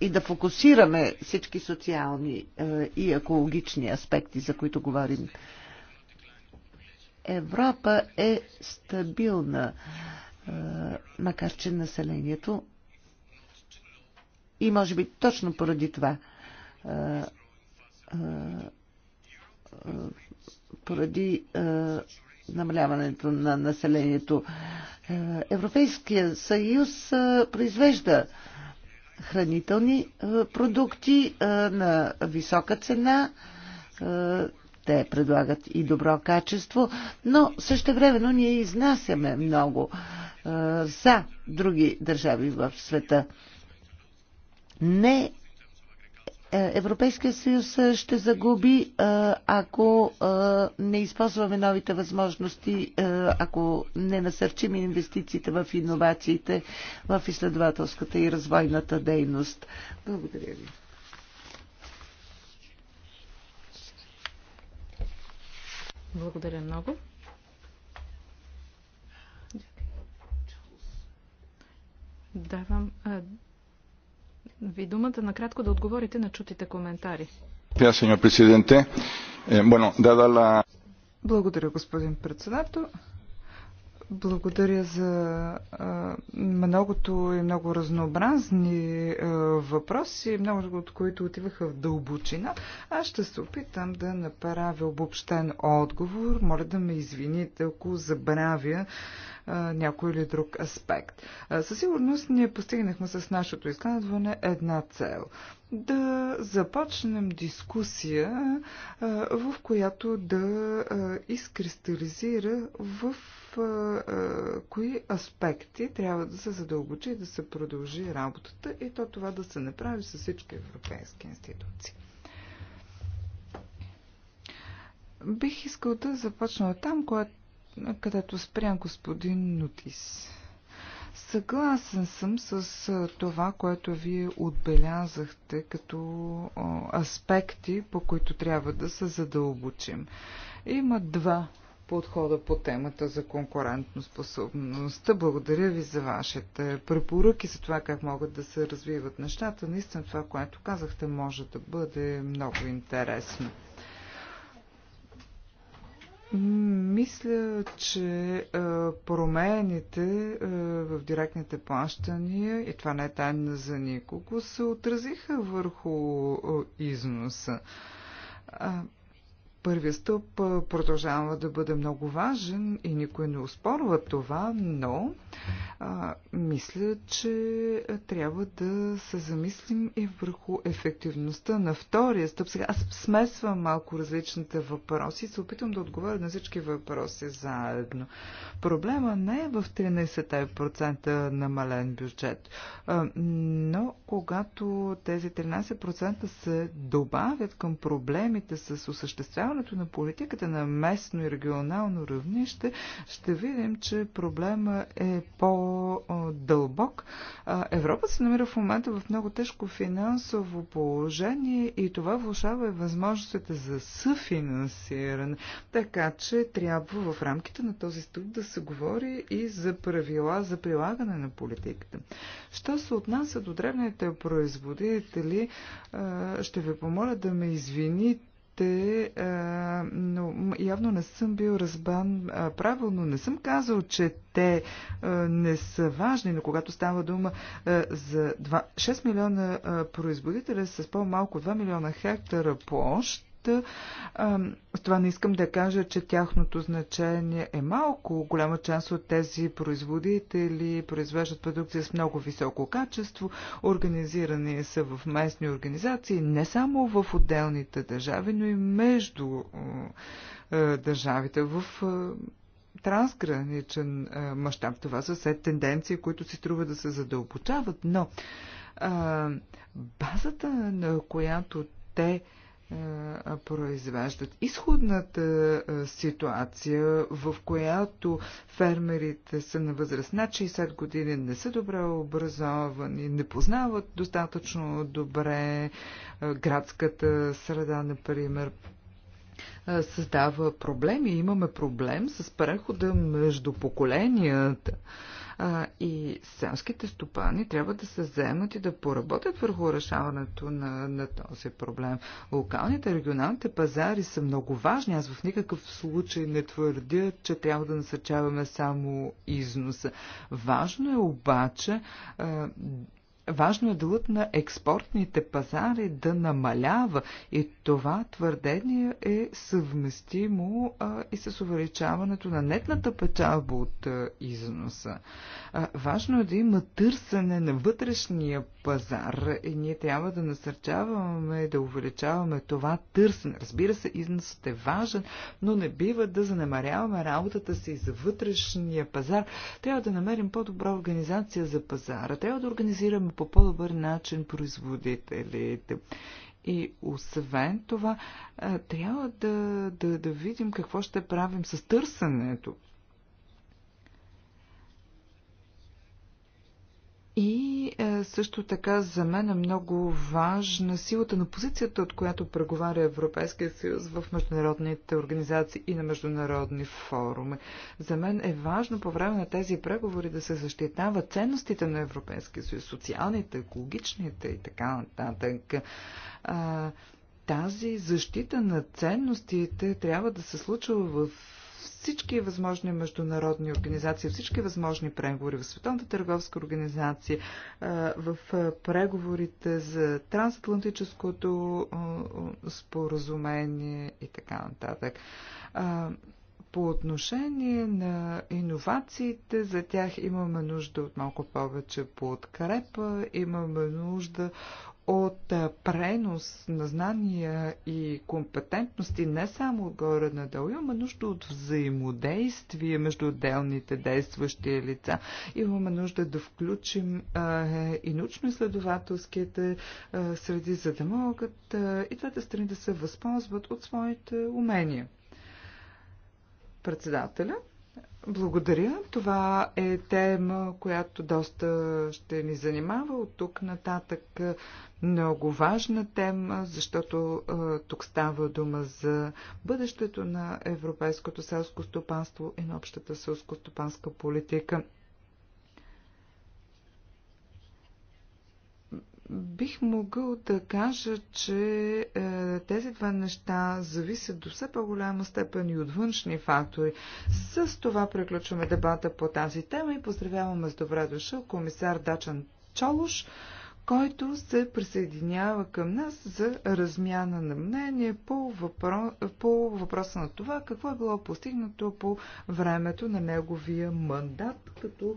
и да фокусираме всички социални е, и екологични аспекти, за които говорим. Европа е стабилна, е, макар че населението и може би точно поради това е, поради намаляването на населението. Европейския съюз произвежда хранителни продукти на висока цена. Те предлагат и добро качество, но също времено ние изнасяме много за други държави в света. Не Европейския съюз ще загуби, ако не използваме новите възможности, ако не насърчим инвестициите в иновациите, в изследователската и развойната дейност. Благодаря ви. Благодаря много. Давам ви думата накратко да отговорите на чутите коментари. Благодаря, е, господин председател. Благодаря за а, многото и много разнообразни а, въпроси, много от които отиваха в дълбочина. Аз ще се опитам да направя обобщен отговор. Моля да ме извините, ако забравя а, някой или друг аспект. А, със сигурност ние постигнахме с нашето изследване една цел да започнем дискусия, в която да изкристализира в кои аспекти трябва да се задълбочи и да се продължи работата и то това да се направи с всички европейски институции. Бих искал да започна там, където спрям господин Нутис. Съгласен съм с това, което вие отбелязахте като аспекти, по които трябва да се задълбочим. Има два подхода по темата за конкурентоспособността. Благодаря ви за вашите препоръки, за това как могат да се развиват нещата. Наистина това, което казахте, може да бъде много интересно. Мисля, че промените в директните плащания, и това не е тайна за никого, се отразиха върху износа. Първият стълб продължава да бъде много важен и никой не успорва това, но а, мисля, че трябва да се замислим и върху ефективността на втория стъп. Сега аз смесвам малко различните въпроси и се опитвам да отговоря на всички въпроси заедно. Проблема не е в 13% намален бюджет, а, но когато тези 13% се добавят към проблемите с осъществяването упростяването на политиката на местно и регионално равнище, ще видим, че проблема е по-дълбок. Европа се намира в момента в много тежко финансово положение и това влушава и възможностите за съфинансиране. Така че трябва в рамките на този стъп да се говори и за правила за прилагане на политиката. Що се отнася до древните производители, ще ви помоля да ме извините думите, но явно не съм бил разбан правилно. Не съм казал, че те не са важни, но когато става дума за 2, 6 милиона производителя с по-малко 2 милиона хектара площ, с това не искам да кажа, че тяхното значение е малко. Голяма част от тези производители произвеждат продукция с много високо качество, организирани са в местни организации, не само в отделните държави, но и между държавите. В трансграничен мащаб. Това са все тенденции, които си струва да се задълбочават, но а, базата, на която те произвеждат. Изходната ситуация, в която фермерите са на възраст над 60 години, не са добре образовани, не познават достатъчно добре градската среда, например, създава проблеми. Имаме проблем с прехода между поколенията. А, и селските стопани трябва да се заемат и да поработят върху решаването на, на този проблем. Локалните, регионалните пазари са много важни. Аз в никакъв случай не твърдя, че трябва да насърчаваме само износа. Важно е обаче а, Важно е делът на експортните пазари да намалява и това твърдение е съвместимо а, и с увеличаването на нетната печалба от а, износа. А, важно е да има търсене на вътрешния пазар и ние трябва да насърчаваме, да увеличаваме това търсене. Разбира се, износът е важен, но не бива да занемаряваме работата си за вътрешния пазар. Трябва да намерим по-добра организация за пазара. Трябва да организираме по по-добър начин производителите. И освен това, трябва да, да, да видим какво ще правим с търсенето. И е, също така за мен е много важна силата на позицията, от която преговаря Европейския съюз в международните организации и на международни форуми. За мен е важно по време на тези преговори да се защитава ценностите на Европейския съюз, социалните, екологичните и така нататък. тази защита на ценностите трябва да се случва в всички възможни международни организации, всички възможни преговори в Световната търговска организация, в преговорите за трансатлантическото споразумение и така нататък. По отношение на иновациите, за тях имаме нужда от малко повече подкрепа, имаме нужда от пренос на знания и компетентности не само отгоре надолу, имаме нужда от взаимодействие между отделните действащи лица. Имаме нужда да включим а, и научно-изследователските среди, за да могат а, и двете страни да се възползват от своите умения. Председателя благодаря. Това е тема, която доста ще ни занимава от тук нататък. Много важна тема, защото тук става дума за бъдещето на европейското селско стопанство и на общата селско-стопанска политика. Бих могъл да кажа, че е, тези два неща зависят до все по-голяма степен и от външни фактори. С това приключваме дебата по тази тема и поздравяваме с добре дошъл комисар Дачан Чолуш, който се присъединява към нас за размяна на мнение по, въпро... по въпроса на това какво е било постигнато по времето на неговия мандат като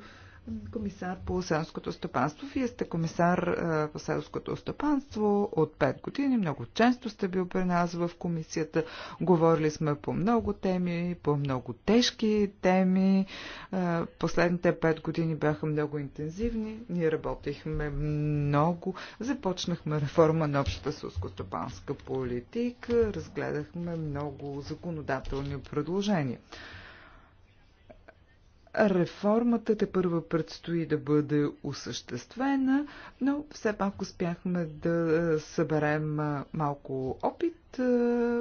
комисар по селското стопанство. Вие сте комисар е, по селското стопанство от 5 години. Много често сте бил при нас в комисията. Говорили сме по много теми, по много тежки теми. Е, последните 5 години бяха много интензивни. Ние работихме много. Започнахме реформа на общата селскостопанска политика. Разгледахме много законодателни предложения. Реформата те първа предстои да бъде осъществена, но все пак успяхме да е, съберем е, малко опит е,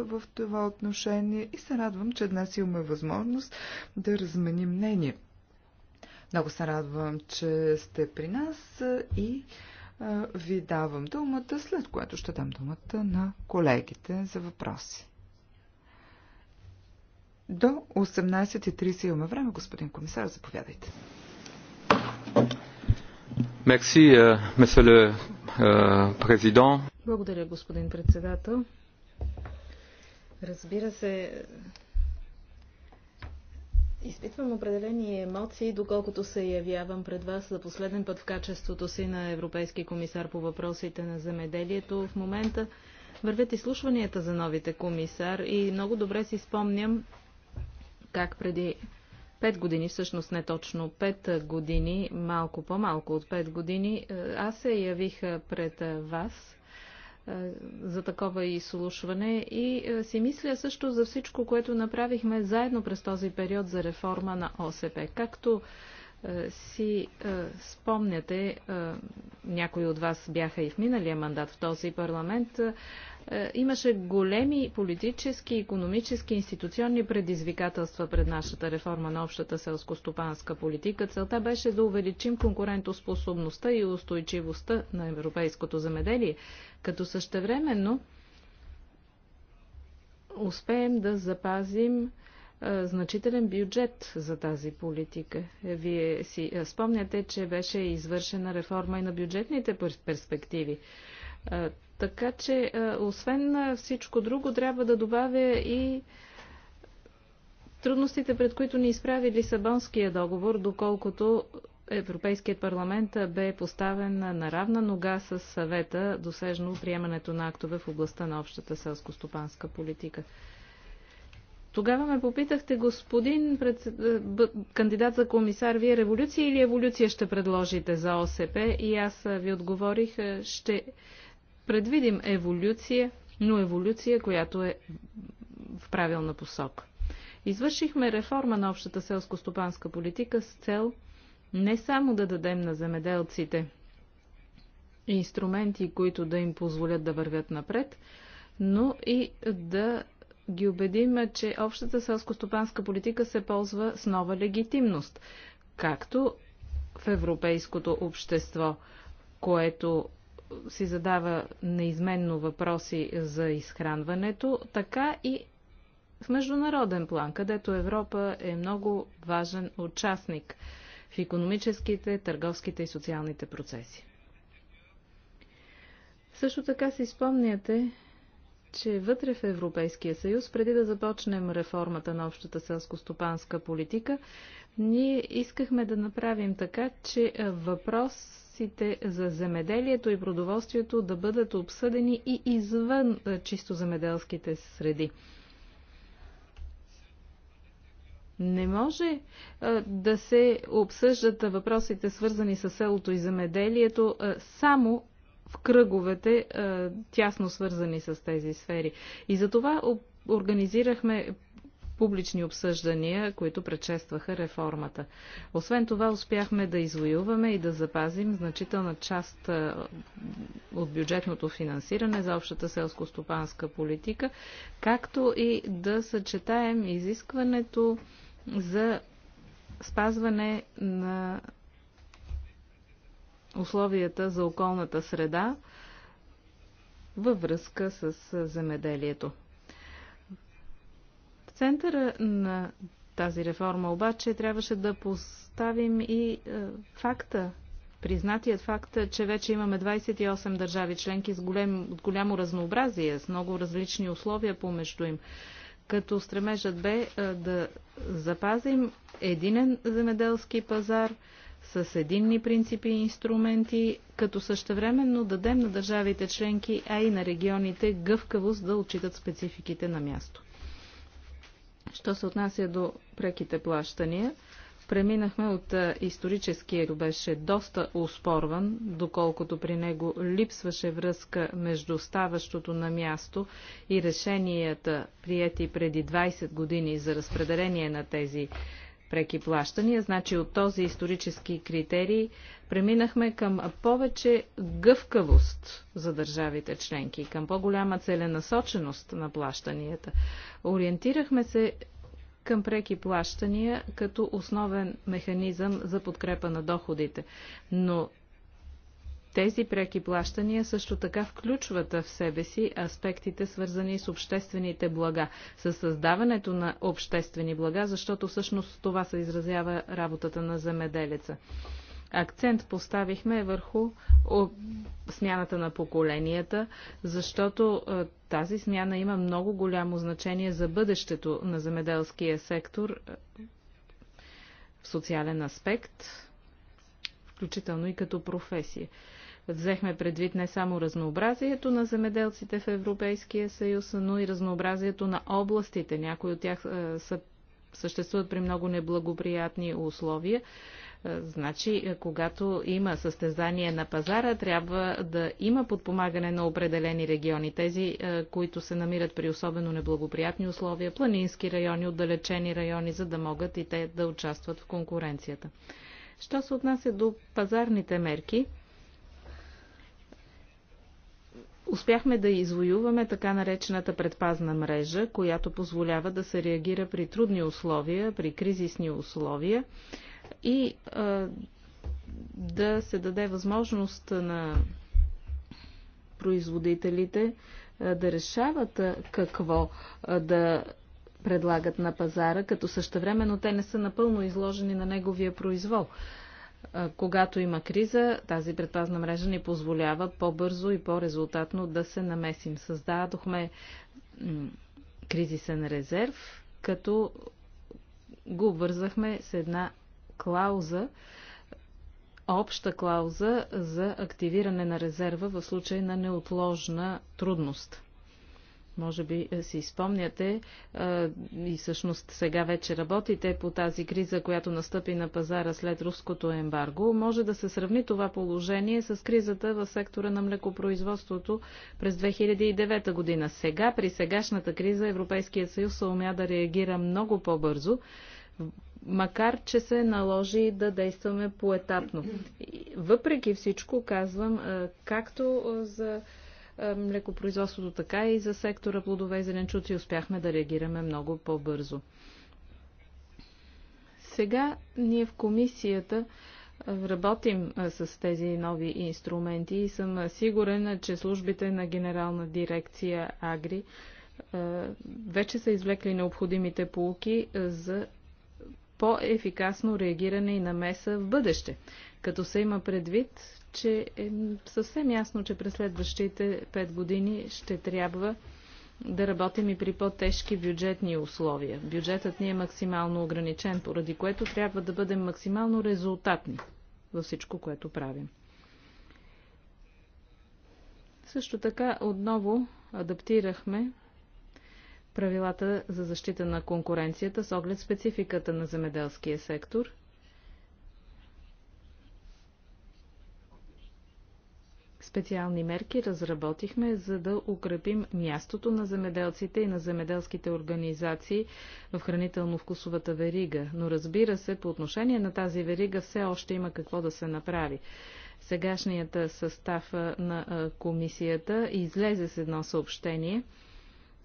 в това отношение и се радвам, че днес имаме възможност да разменим мнение. Много се радвам, че сте при нас и ви давам думата, след което ще дам думата на колегите за въпроси. До 18.30 имаме време, господин комисар, заповядайте. Мерси, меселе президент. Благодаря, господин председател. Разбира се, Изпитвам определени емоции, доколкото се явявам пред вас за последен път в качеството си на Европейски комисар по въпросите на земеделието. В момента вървят изслушванията за новите комисар и много добре си спомням как преди 5 години, всъщност не точно 5 години, малко по-малко от 5 години, е, аз се явих е, пред е, вас за такова изслушване и си мисля също за всичко, което направихме заедно през този период за реформа на ОСП. Както си спомняте, някои от вас бяха и в миналия мандат в този парламент, имаше големи политически, економически, институционни предизвикателства пред нашата реформа на общата селско-стопанска политика. Целта беше да увеличим конкурентоспособността и устойчивостта на европейското замеделие, като същевременно успеем да запазим е, значителен бюджет за тази политика. Вие си е, спомняте, че беше извършена реформа и на бюджетните перспективи. Е, така че, освен всичко друго, трябва да добавя и трудностите, пред които ни изправи Лисабонския договор, доколкото Европейският парламент бе поставен на равна нога с съвета, досежно приемането на актове в областта на общата селско-стопанска политика. Тогава ме попитахте, господин пред... Е, кандидат за комисар, вие революция или еволюция ще предложите за ОСП? И аз е, ви отговорих, е, ще предвидим еволюция, но еволюция, която е в правилна посока. Извършихме реформа на общата селско-стопанска политика с цел не само да дадем на земеделците инструменти, които да им позволят да вървят напред, но и да ги убедим, че общата селско-стопанска политика се ползва с нова легитимност, както в европейското общество, което си задава неизменно въпроси за изхранването, така и в международен план, където Европа е много важен участник в економическите, търговските и социалните процеси. Също така си спомняте, че вътре в Европейския съюз, преди да започнем реформата на общата селско-стопанска политика, ние искахме да направим така, че въпросите за земеделието и продоволствието да бъдат обсъдени и извън е, чисто земеделските среди. Не може а, е, да се обсъждат въпросите, свързани с селото и земеделието, а, е, само в кръговете, тясно свързани с тези сфери. И за това организирахме публични обсъждания, които предшестваха реформата. Освен това успяхме да извоюваме и да запазим значителна част от бюджетното финансиране за общата селско-стопанска политика, както и да съчетаем изискването за спазване на условията за околната среда във връзка с земеделието. В центъра на тази реформа обаче трябваше да поставим и е, факта, признатият факт, че вече имаме 28 държави членки с голем, голямо разнообразие, с много различни условия помежду им като стремежът бе да запазим единен земеделски пазар с единни принципи и инструменти, като същевременно дадем на държавите членки, а и на регионите гъвкавост да отчитат спецификите на място. Що се отнася до преките плащания, преминахме от историческия беше доста успорван, доколкото при него липсваше връзка между ставащото на място и решенията, приети преди 20 години за разпределение на тези преки плащания. Значи от този исторически критерий преминахме към повече гъвкавост за държавите членки, към по-голяма целенасоченост на плащанията. Ориентирахме се към преки плащания като основен механизъм за подкрепа на доходите. Но тези преки плащания също така включват в себе си аспектите, свързани с обществените блага, с създаването на обществени блага, защото всъщност това се изразява работата на земеделеца. Акцент поставихме върху смяната на поколенията, защото е, тази смяна има много голямо значение за бъдещето на земеделския сектор е, в социален аспект, включително и като професия взехме предвид не само разнообразието на земеделците в Европейския съюз, но и разнообразието на областите. Някои от тях е, са, съществуват при много неблагоприятни условия. Е, значи, е, когато има състезание на пазара, трябва да има подпомагане на определени региони. Тези, които се намират при особено неблагоприятни условия, планински райони, отдалечени райони, за да могат и те да участват в конкуренцията. Що се отнася до пазарните мерки, успяхме да извоюваме така наречената предпазна мрежа, която позволява да се реагира при трудни условия, при кризисни условия и а, да се даде възможност на производителите а, да решават а, какво а, да предлагат на пазара, като същевременно те не са напълно изложени на неговия произвол. А, когато има криза, тази предпазна мрежа ни позволява по-бързо и по-резултатно да се намесим. Създадохме кризисен резерв, като го обвързахме с една клауза, обща клауза за активиране на резерва в случай на неотложна трудност. Може би е, си спомняте е, и всъщност сега вече работите по тази криза, която настъпи на пазара след руското ембарго. Може да се сравни това положение с кризата в сектора на млекопроизводството през 2009 година. Сега, при сегашната криза, Европейския съюз се умя да реагира много по-бързо макар че се наложи да действаме поетапно. Въпреки всичко, казвам, е, както за е, млекопроизводството, така и за сектора плодове и зеленчуци успяхме да реагираме много по-бързо. Сега ние в комисията е, работим е, с тези нови инструменти и съм сигурен, че службите на Генерална дирекция Агри вече са извлекли необходимите полки за по-ефикасно реагиране и намеса в бъдеще, като се има предвид, че е съвсем ясно, че през следващите 5 години ще трябва да работим и при по-тежки бюджетни условия. Бюджетът ни е максимално ограничен, поради което трябва да бъдем максимално резултатни във всичко, което правим. Също така отново адаптирахме правилата за защита на конкуренцията с оглед спецификата на земеделския сектор – специални мерки разработихме, за да укрепим мястото на земеделците и на земеделските организации в хранително-вкусовата верига. Но разбира се, по отношение на тази верига все още има какво да се направи сегашният състав на комисията излезе с едно съобщение,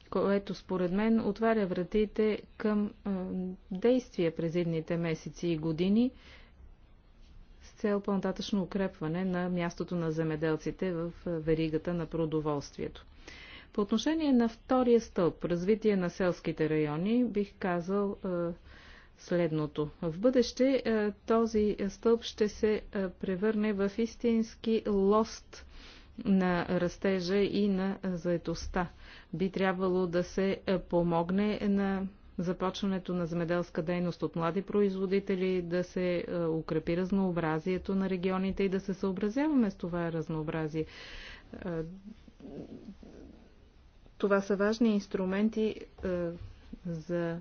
което според мен отваря вратите към действия през едните месеци и години, цел по-нататъчно укрепване на мястото на земеделците в веригата на продоволствието. По отношение на втория стълб, развитие на селските райони, бих казал е, следното. В бъдеще е, този стълб ще се е, превърне в истински лост на растежа и на заетостта. Би трябвало да се помогне на започването на земеделска дейност от млади производители, да се е, укрепи разнообразието на регионите и да се съобразяваме с това разнообразие. Е, това са важни инструменти е, за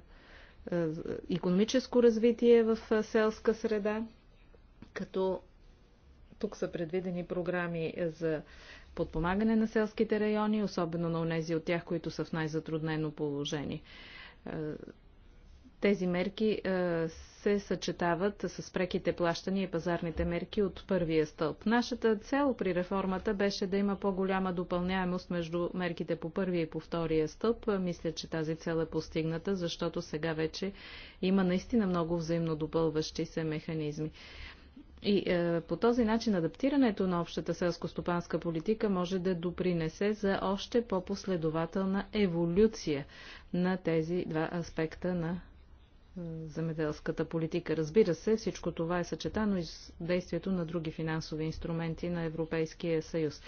економическо развитие в селска среда, като тук са предвидени програми за подпомагане на селските райони, особено на унези от тях, които са в най-затруднено положение. Тези мерки е, се съчетават с преките плащания и пазарните мерки от първия стълб. Нашата цел при реформата беше да има по-голяма допълняемост между мерките по първия и по втория стълб. Мисля, че тази цел е постигната, защото сега вече има наистина много взаимно допълващи се механизми. И е, по този начин адаптирането на общата селско-стопанска политика може да допринесе за още по-последователна еволюция на тези два аспекта на е, земеделската политика. Разбира се, всичко това е съчетано и с действието на други финансови инструменти на Европейския съюз.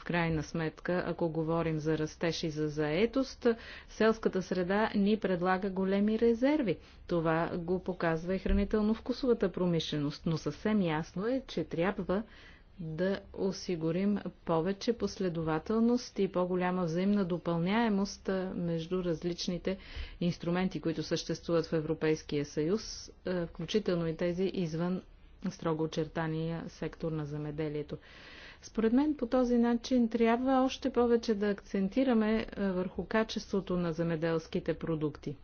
В крайна сметка, ако говорим за растеж и за заетост, селската среда ни предлага големи резерви. Това го показва и хранително-вкусовата промишленост, но съвсем ясно е, че трябва да осигурим повече последователност и по-голяма взаимна допълняемост между различните инструменти, които съществуват в Европейския съюз, включително и тези извън строго очертания сектор на замеделието. Според мен по този начин трябва още повече да акцентираме е, върху качеството на земеделските продукти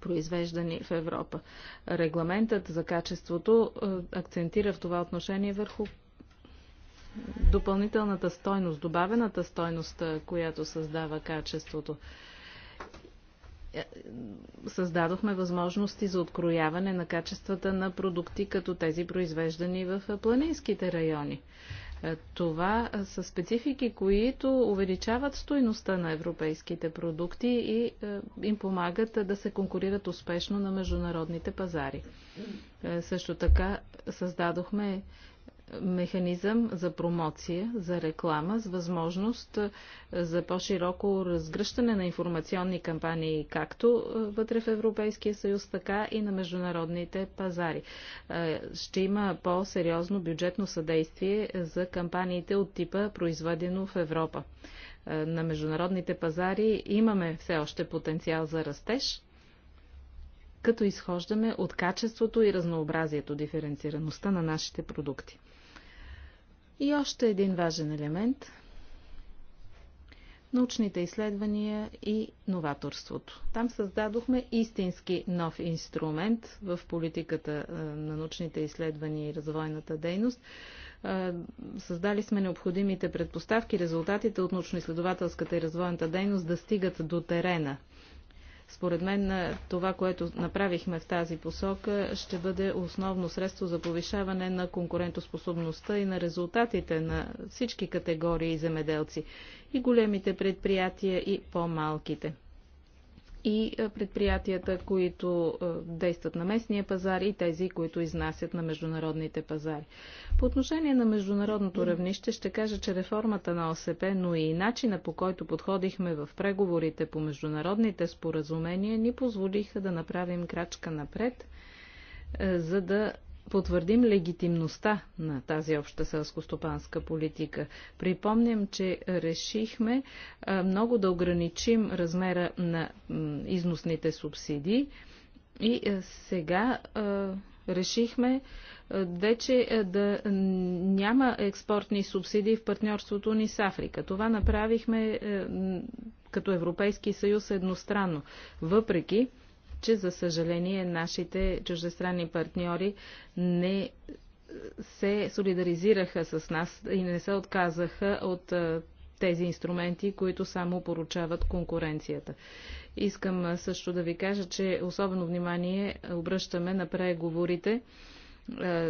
произвеждани в Европа. Регламентът за качеството е, акцентира в това отношение върху допълнителната стойност, добавената стойност, е, която създава качеството. Създадохме възможности за открояване на качествата на продукти, като тези произвеждани в планинските райони. Е, това е, са специфики, които увеличават стойността на европейските продукти и е, им помагат да се конкурират успешно на международните пазари. Също така създадохме механизъм за промоция, за реклама, с възможност е, за по-широко разгръщане на информационни кампании, както е, вътре в Европейския съюз, така и на международните пазари. Е, ще има по-сериозно бюджетно съдействие за кампаниите от типа произведено в Европа. На международните пазари имаме все още потенциал за растеж, като изхождаме от качеството и разнообразието, диференцираността на нашите продукти. И още един важен елемент научните изследвания и новаторството. Там създадохме истински нов инструмент в политиката на научните изследвания и развойната дейност. Създали сме необходимите предпоставки, резултатите от научно-изследователската и развойната дейност да стигат до терена, според мен е, това, което направихме в тази посока, ще бъде основно средство за повишаване на конкурентоспособността и на резултатите на всички категории земеделци и големите предприятия и по-малките и е, предприятията, които е, действат на местния пазар и тези, които изнасят на международните пазари. По отношение на международното равнище ще кажа, че реформата на ОСП, но и начина по който подходихме в преговорите по международните споразумения ни позволиха да направим крачка напред, е, за да потвърдим легитимността на тази обща селскостопанска политика. Припомням, че решихме много да ограничим размера на износните субсидии и сега решихме вече да няма експортни субсидии в партньорството ни с Африка. Това направихме е, като Европейски съюз едностранно. Въпреки, че за съжаление нашите чуждестранни партньори не се солидаризираха с нас и не се отказаха от тези инструменти, които само поручават конкуренцията. Искам също да ви кажа, че особено внимание обръщаме на преговорите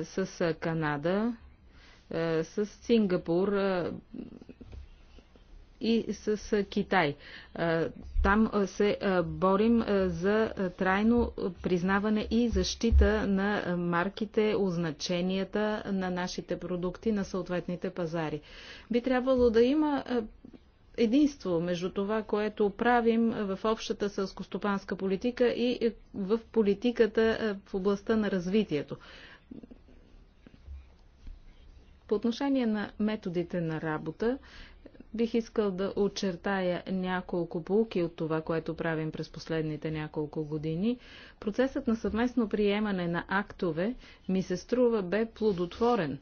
с Канада, с Сингапур, и с Китай. Там се борим за трайно признаване и защита на марките, означенията на нашите продукти на съответните пазари. Би трябвало да има единство между това, което правим в общата сълскостопанска политика и в политиката в областта на развитието. По отношение на методите на работа, Бих искал да очертая няколко полки от това, което правим през последните няколко години. Процесът на съвместно приемане на актове ми се струва бе плодотворен.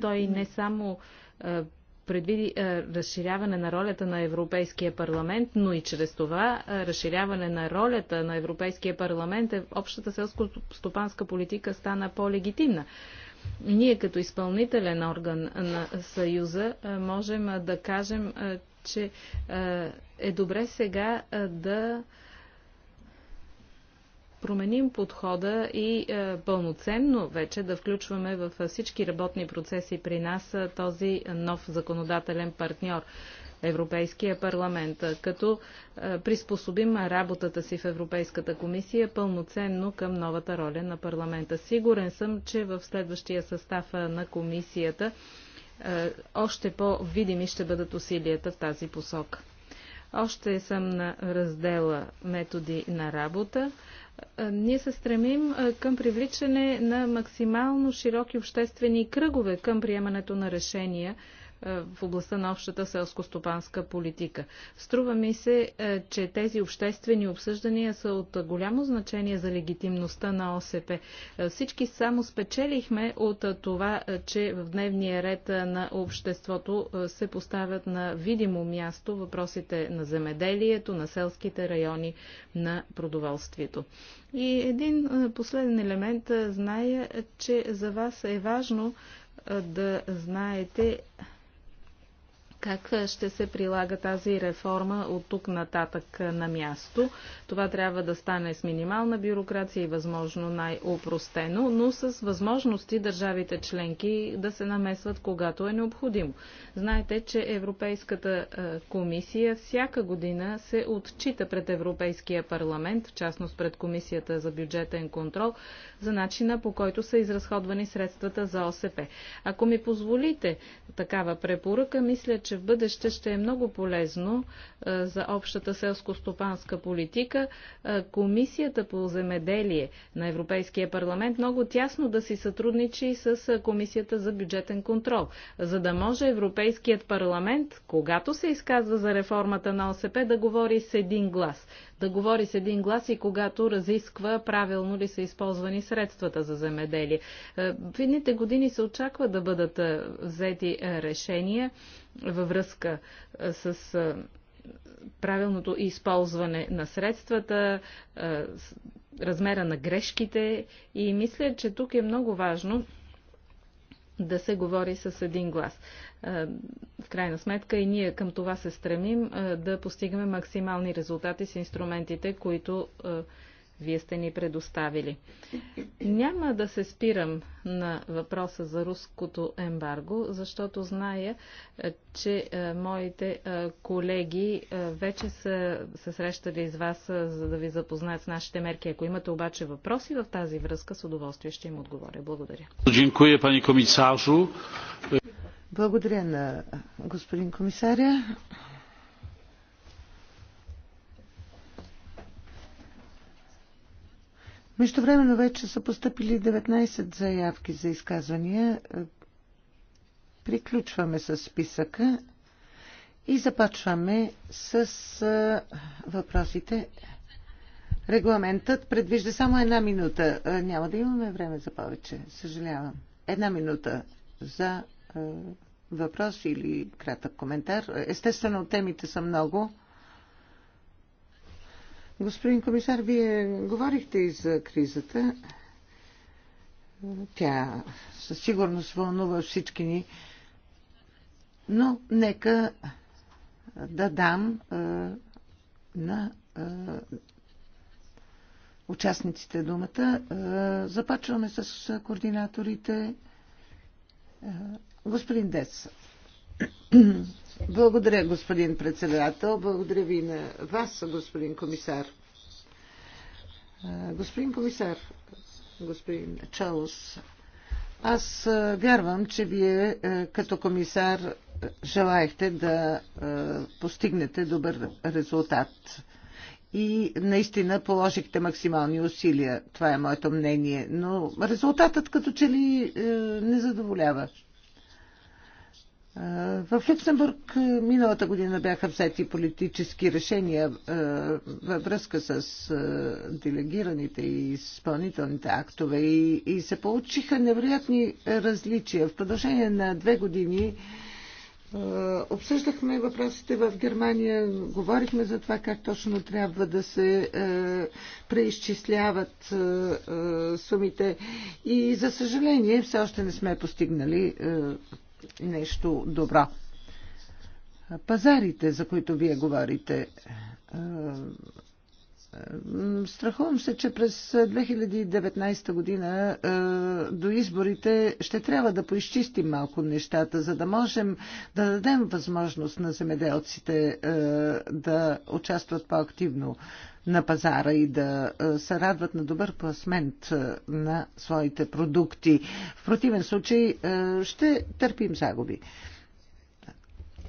Той не само предвиди разширяване на ролята на Европейския парламент, но и чрез това разширяване на ролята на Европейския парламент е, общата селско-стопанска политика стана по-легитимна. Ние като изпълнителен орган на Съюза можем да кажем, че е добре сега да променим подхода и пълноценно вече да включваме в всички работни процеси при нас този нов законодателен партньор. Европейския парламент, като приспособим работата си в Европейската комисия пълноценно към новата роля на парламента. Сигурен съм, че в следващия състав на комисията още по-видими ще бъдат усилията в тази посока. Още съм на раздела методи на работа. Ние се стремим към привличане на максимално широки обществени кръгове към приемането на решения е, в областта на общата селско-стопанска политика. Струва ми се, е, че тези обществени обсъждания са от голямо значение за легитимността на ОСП. Е, всички само спечелихме от това, че в дневния ред на обществото се поставят на видимо място въпросите на земеделието, на селските райони, на продоволствието. И един последен елемент. Зная, че за вас е важно да знаете как ще се прилага тази реформа от тук нататък на място? Това трябва да стане с минимална бюрокрация и възможно най-опростено, но с възможности държавите членки да се намесват когато е необходимо. Знаете, че Европейската комисия всяка година се отчита пред Европейския парламент, в частност пред Комисията за бюджетен контрол, за начина по който са изразходвани средствата за ОСП. Ако ми позволите такава препоръка, мисля, че че в бъдеще ще е много полезно за общата селско-стопанска политика Комисията по земеделие на Европейския парламент много тясно да си сътрудничи с Комисията за бюджетен контрол, за да може Европейският парламент, когато се изказва за реформата на ОСП, да говори с един глас, да говори с един глас и когато разисква правилно ли са използвани средствата за земеделие. Е, в едните години се очаква да бъдат е, взети е, решения във връзка с правилното използване на средствата, размера на грешките и мисля, че тук е много важно да се говори с един глас. Е, в крайна сметка и ние към това се стремим е, да постигаме максимални резултати с инструментите, които е, вие сте ни предоставили. Няма да се спирам на въпроса за руското ембарго, защото зная, е, че е, моите е, колеги вече са се срещали с вас, за да ви запознаят с нашите мерки. Ако имате обаче въпроси в тази връзка, с удоволствие ще им отговоря. Благодаря. Благодаря на господин комисаря. Междувременно вече са поступили 19 заявки за изказвания. Приключваме с списъка и започваме с въпросите. Регламентът предвижда само една минута. Няма да имаме време за повече. Съжалявам. Една минута за въпрос или кратък коментар. Естествено, темите са много. Господин комисар, вие говорихте и за кризата. Тя със сигурност вълнува всички ни. Но нека да дам е, на е, участниците думата. Е, започваме с координаторите. Е, господин Дец. Благодаря, господин председател. Благодаря ви на вас, господин комисар. Господин комисар, господин Чалос, аз вярвам, че вие като комисар желаехте да постигнете добър резултат. И наистина положихте максимални усилия. Това е моето мнение. Но резултатът като че ли не задоволява. В Люксембург миналата година бяха взети политически решения във връзка с делегираните и изпълнителните актове и, и се получиха невероятни различия. В продължение на две години обсъждахме въпросите в Германия, говорихме за това как точно трябва да се преизчисляват сумите и за съжаление все още не сме постигнали нещо добро. Пазарите, за които вие говорите, Страхувам се, че през 2019 година до изборите ще трябва да поизчистим малко нещата, за да можем да дадем възможност на земеделците да участват по-активно на пазара и да се радват на добър пласмент на своите продукти. В противен случай ще търпим загуби.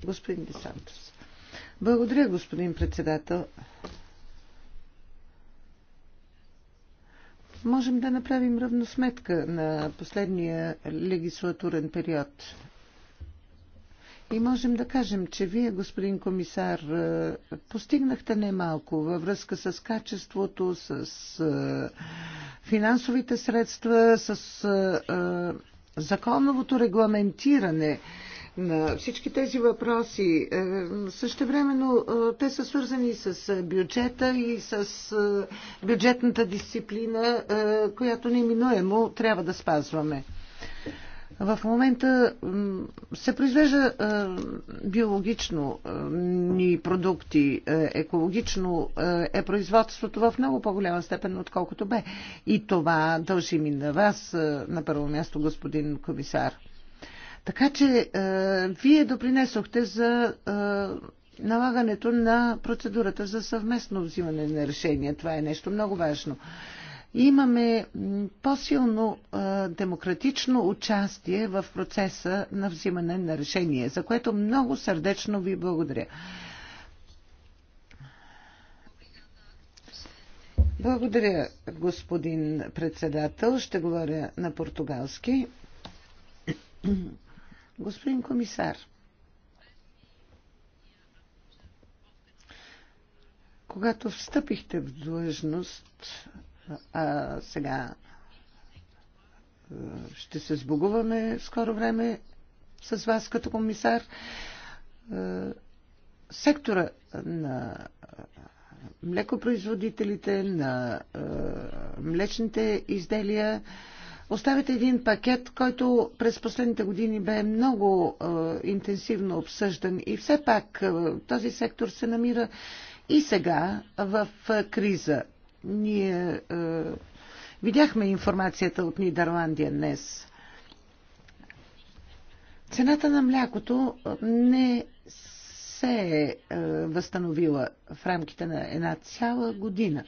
Господин Десантос. Благодаря, господин председател. можем да направим равносметка на последния легислатурен период. И можем да кажем, че вие, господин комисар, е, постигнахте немалко във връзка с качеството, с е, финансовите средства, с е, законовото регламентиране на всички тези въпроси. Е, Също времено е, те са свързани с е, бюджета и с бюджетната дисциплина, която неминуемо трябва да спазваме. В момента се произвежда биологично ни продукти, екологично е производството в много по-голяма степен, отколкото бе. И това дължим и на вас, на първо място, господин комисар. Така че е, вие допринесохте за е, налагането на процедурата за съвместно взимане на решения. Това е нещо много важно. Имаме по-силно е, демократично участие в процеса на взимане на решение, за което много сърдечно ви благодаря. Благодаря, господин председател. Ще говоря на португалски. Господин комисар, когато встъпихте в длъжност, а сега ще се сбогуваме скоро време с вас като комисар, сектора на млекопроизводителите, на млечните изделия, Оставите един пакет, който през последните години бе много е, интенсивно обсъждан и все пак е, този сектор се намира и сега в е, криза. Ние е, видяхме информацията от Нидерландия днес. Цената на млякото не се е, е възстановила в рамките на една цяла година.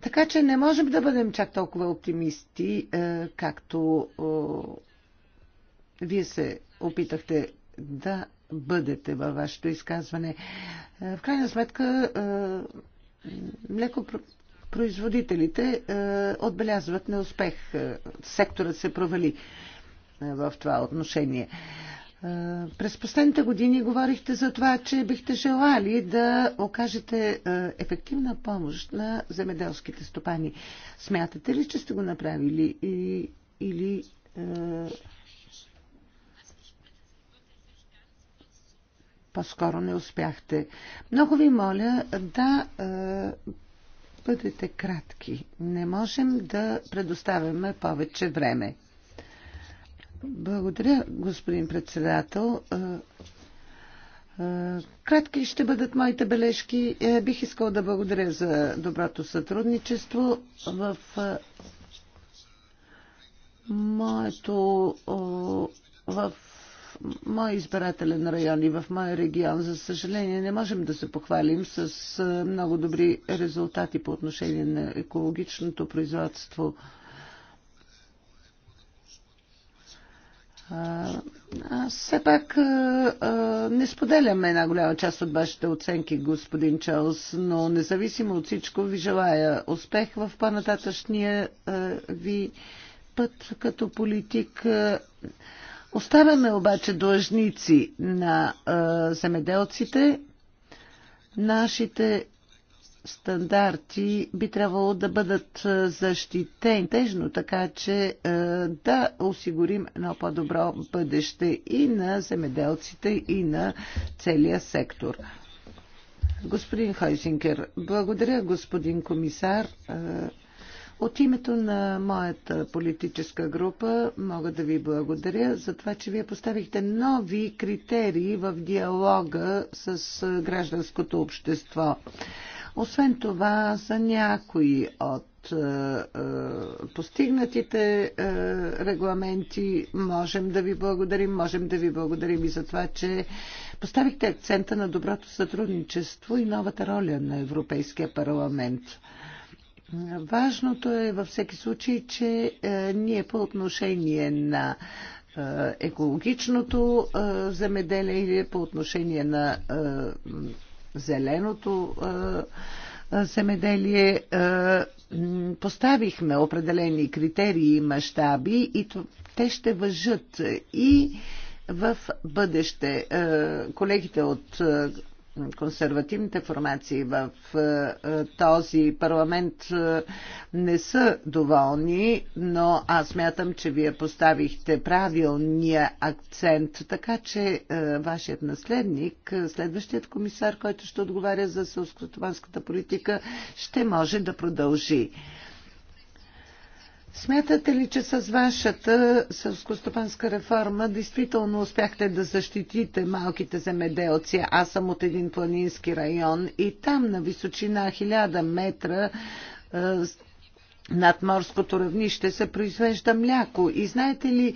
Така че не можем да бъдем чак толкова оптимисти, е, както е, вие се опитахте да бъдете във вашето изказване. Е, в крайна сметка, леко производителите отбелязват неуспех. Секторът се провали в това отношение. Е, през последните години говорихте за това, че бихте желали да окажете е, ефективна помощ на земеделските стопани. Смятате ли, че сте го направили и, или е, по-скоро не успяхте? Много ви моля да е, бъдете кратки. Не можем да предоставяме повече време. Благодаря, господин председател. Кратки ще бъдат моите бележки. Е, бих искал да благодаря за доброто сътрудничество. В моето в мой избирателен район и в моя регион, за съжаление, не можем да се похвалим с много добри резултати по отношение на екологичното производство Аз все пак не споделям една голяма част от вашите оценки, господин Чаус, но независимо от всичко ви желая успех в по-нататъчния ви път като политик. Оставяме обаче длъжници на земеделците, нашите стандарти би трябвало да бъдат защитени тежно, така че да осигурим едно по-добро бъдеще и на земеделците, и на целия сектор. Господин Хайзинкер, благодаря, господин комисар. От името на моята политическа група мога да ви благодаря за това, че вие поставихте нови критерии в диалога с гражданското общество. Освен това, за някои от е, е, постигнатите е, регламенти можем да ви благодарим. Можем да ви благодарим и за това, че поставихте акцента на доброто сътрудничество и новата роля на Европейския парламент. Важното е във всеки случай, че ние по отношение на екологичното земеделие или по отношение на зеленото земеделие поставихме определени критерии и мащаби и те ще въжат и в бъдеще. Колегите от консервативните формации в е, е, този парламент е, не са доволни, но аз мятам, че вие поставихте правилния акцент, така че вашият наследник, следващият комисар, който ще отговаря за селскостопанската политика, ще може да продължи. Смятате ли, че с вашата селскостопанска реформа действително успяхте да защитите малките земеделци? Аз съм от един планински район и там на височина 1000 метра е, над морското равнище се произвежда мляко. И знаете ли,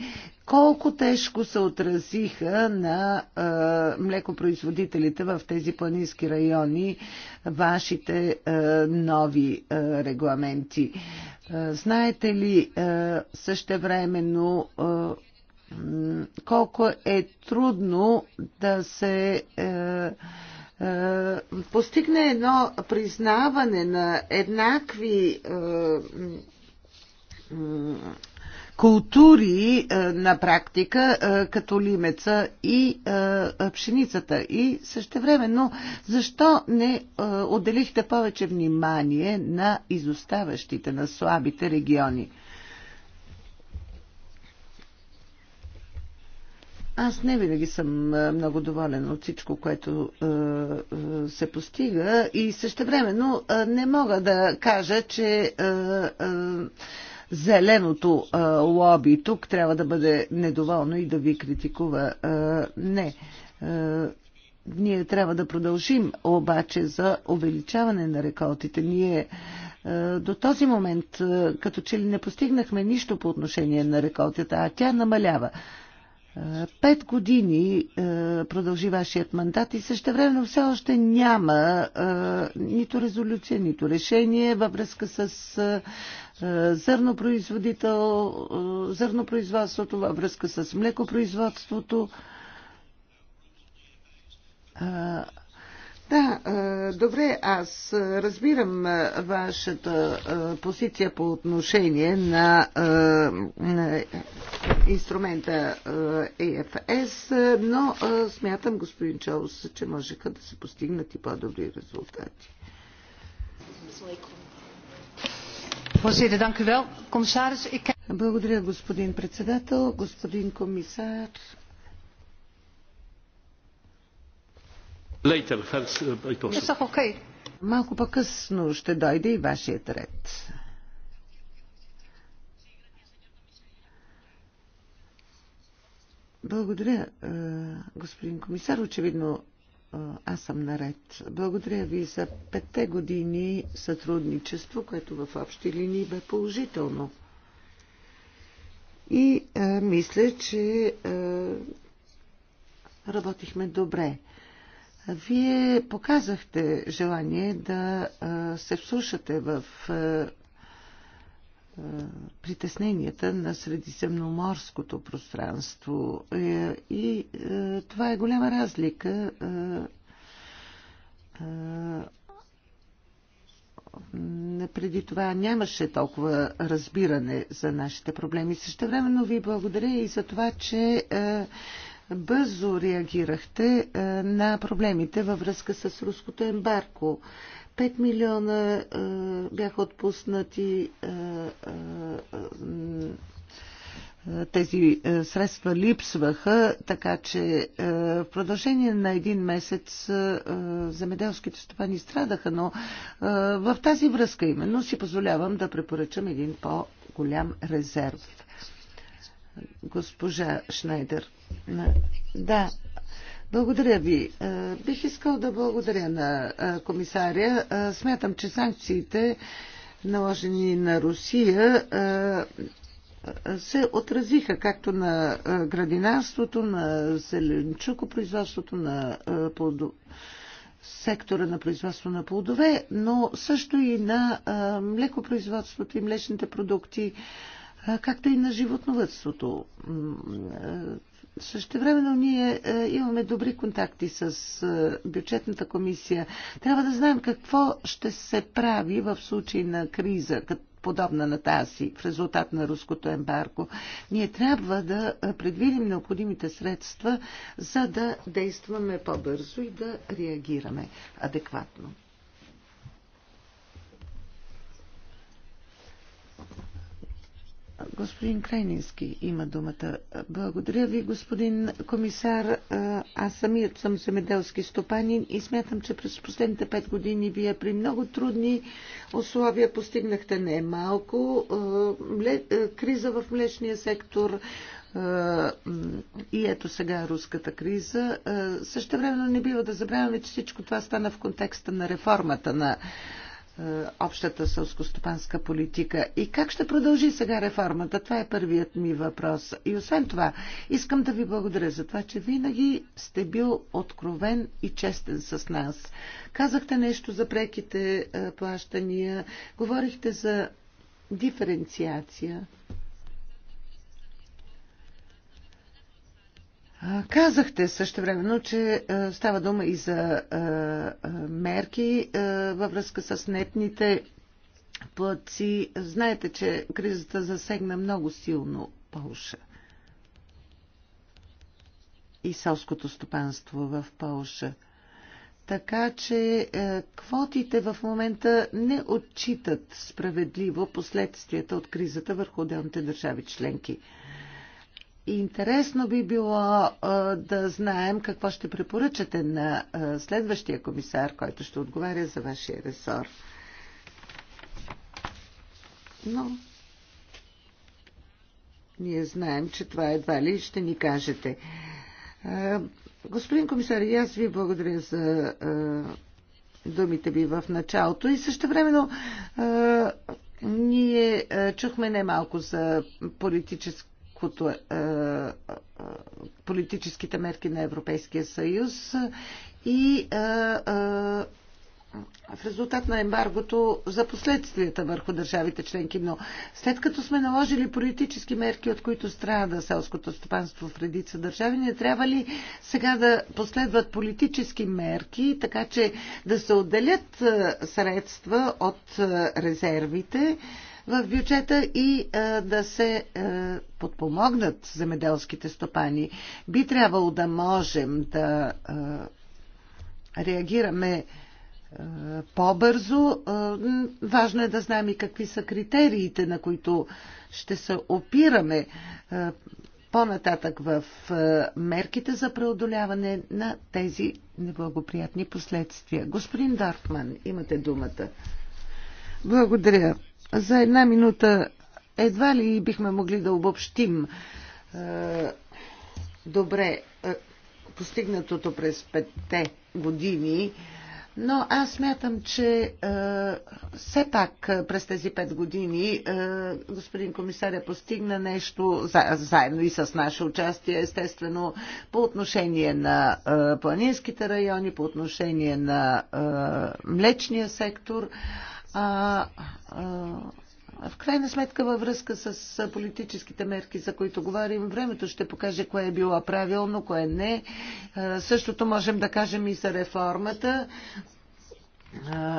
колко тежко се отразиха на а, млекопроизводителите в тези планински райони вашите а, нови а, регламенти. А, знаете ли а, същевременно е, колко е трудно да се а, а, постигне едно признаване на еднакви а, култури е, на практика, е, като лимеца и е, пшеницата. И същевременно, защо не отделихте повече внимание на изоставащите, на слабите региони? Аз не винаги съм много доволен от всичко, което е, се постига и същевременно е, не мога да кажа, че е, е, зеленото а, лоби тук трябва да бъде недоволно и да ви критикува. А, не. А, ние трябва да продължим обаче за увеличаване на реколтите. Ние до този момент като че ли не постигнахме нищо по отношение на реколтата, а тя намалява. Пет години продължи вашият мандат и също време все още няма нито резолюция, нито решение във връзка с е, зърнопроизводител, е, зърнопроизводството, във връзка с млекопроизводството. Е, да, добре, аз разбирам вашата позиция по отношение на, инструмента EFS, но смятам, господин Чаус, че можеха да се постигнат и по-добри резултати. Слайко. Благодаря, господин председател, господин комисар. Eh, Малко по-късно ще дойде и вашият ред. Благодаря, е, господин комисар. Очевидно аз съм наред. Благодаря ви за петте години сътрудничество, което в общи линии бе положително. И а, мисля, че а, работихме добре. Вие показахте желание да а, се вслушате в а, притесненията на средиземноморското пространство. Е, и това е голяма разлика преди това нямаше толкова разбиране за нашите проблеми. Също времено ви благодаря и за това, че бързо реагирахте на проблемите във връзка с руското ембарко. 5 милиона бяха отпуснати тези средства липсваха, така че в продължение на един месец земеделските стопани страдаха, но в тази връзка именно си позволявам да препоръчам един по-голям резерв. Госпожа Шнайдер. Да, благодаря ви. Е, бих искал да благодаря на е, комисаря. Е, смятам, че санкциите, наложени на Русия, се отразиха както на градинарството, на зеленчукопроизводството, на плодо... сектора на производство на плодове, но също и на млекопроизводството и млечните продукти, както и на животновътството. Същевременно ние е, имаме добри контакти с е, бюджетната комисия. Трябва да знаем какво ще се прави в случай на криза, подобна на тази, в резултат на руското ембарго. Ние трябва да е, предвидим необходимите средства, за да действаме по-бързо и да реагираме адекватно. Господин Крайнински има думата. Благодаря ви, господин комисар. Аз самият съм земеделски стопанин и смятам, че през последните пет години вие при много трудни условия постигнахте не малко. Е, е, криза в млечния сектор, е, и ето сега руската криза. Също времено не бива да забравяме, че всичко това стана в контекста на реформата на е, общата сълскостопанска политика. И как ще продължи сега реформата? Това е първият ми въпрос. И освен това, искам да ви благодаря за това, че винаги сте бил откровен и честен с нас. Казахте нещо за преките е, плащания, говорихте за диференциация. Казахте също времено, че става дума и за мерки във връзка с нетните плъци. Знаете, че кризата засегна много силно Полша и селското стопанство в Полша. Така че квотите в момента не отчитат справедливо последствията от кризата върху отделните държави членки. Интересно би било да знаем какво ще препоръчате на следващия комисар, който ще отговаря за вашия ресор. Но ние знаем, че това едва ли ще ни кажете. Господин комисар, и аз ви благодаря за думите ви в началото и също времено ние чухме немалко за политически колкото е, е, политическите мерки на Европейския съюз и е, в резултат на ембаргото за последствията върху държавите членки. Но след като сме наложили политически мерки, от които страда селското стопанство в редица държави, не трябва ли сега да последват политически мерки, така че да се отделят средства от резервите, в бюджета и е, да се е, подпомогнат земеделските стопани. Би трябвало да можем да е, реагираме по-бързо. Важно е да знаем и какви са критериите, на които ще се опираме по-нататък в мерките за преодоляване на тези неблагоприятни последствия. Господин Дарфман, имате думата. Благодаря. За една минута едва ли бихме могли да обобщим е, добре е, постигнатото през петте години, но аз смятам, че е, все пак е, през тези пет години е, господин комисаря постигна нещо, за, заедно и с наше участие, естествено, по отношение на е, планинските райони, по отношение на е, млечния сектор. А, а, в крайна сметка, във връзка с политическите мерки, за които говорим, времето ще покаже кое е било правилно, кое не. А, същото можем да кажем и за реформата.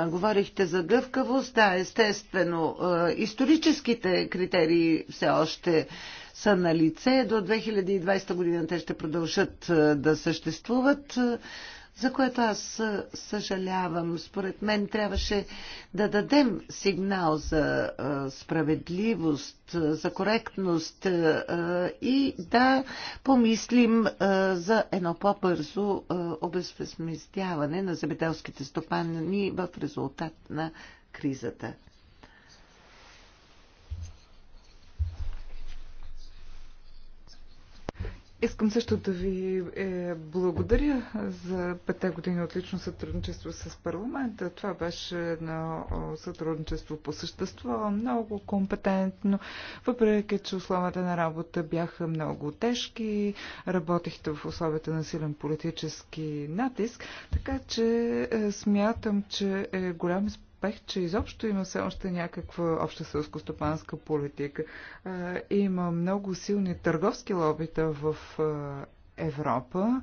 говорихте за гъвкавост. Да, естествено, историческите критерии все още са на лице. До 2020 година те ще продължат да съществуват за което аз съжалявам. Според мен трябваше да дадем сигнал за справедливост, за коректност и да помислим за едно по-бързо обезвъзместяване на земеделските стопани в резултат на кризата. Искам също да ви е, благодаря за пете години отлично сътрудничество с парламента. Това беше едно сътрудничество по същество, много компетентно, въпреки че условията на работа бяха много тежки, работихте в условията на силен политически натиск, така че е, смятам, че е голям успех, че изобщо има все още някаква обща сълско-стопанска политика. Има много силни търговски лобита в Европа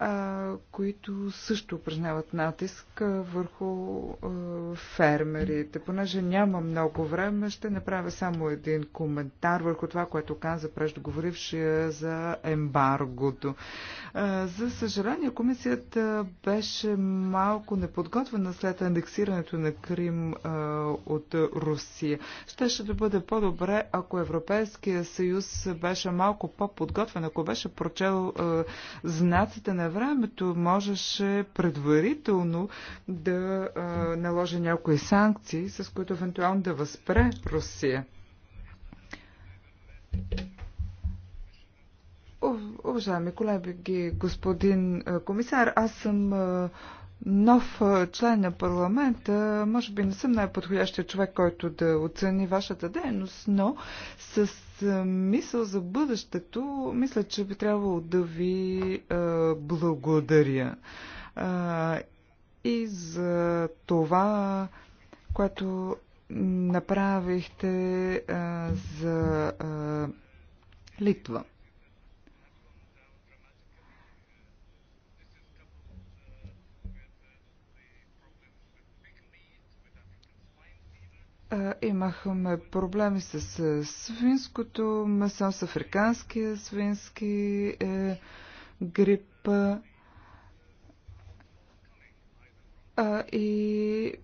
а, които също упражняват натиск а, върху а, фермерите. Понеже няма много време, ще направя само един коментар върху това, което каза преждоговорившия за ембаргото. А, за съжаление, комисията беше малко неподготвена след анексирането на Крим а, от Русия. Щеше да бъде по-добре, ако Европейския съюз беше малко по-подготвен, ако беше прочел а, знаците на времето можеше предварително да а, наложи някои санкции, с които евентуално да възпре Русия. Уважаеми колеги, господин комисар, аз съм нов член на парламента, може би не съм най-подходящия човек, който да оцени вашата дейност, но с мисъл за бъдещето, мисля, че би трябвало да ви благодаря и за това, което направихте за Литва. имахме проблеми с свинското месо, с африканския свински е, грип а, и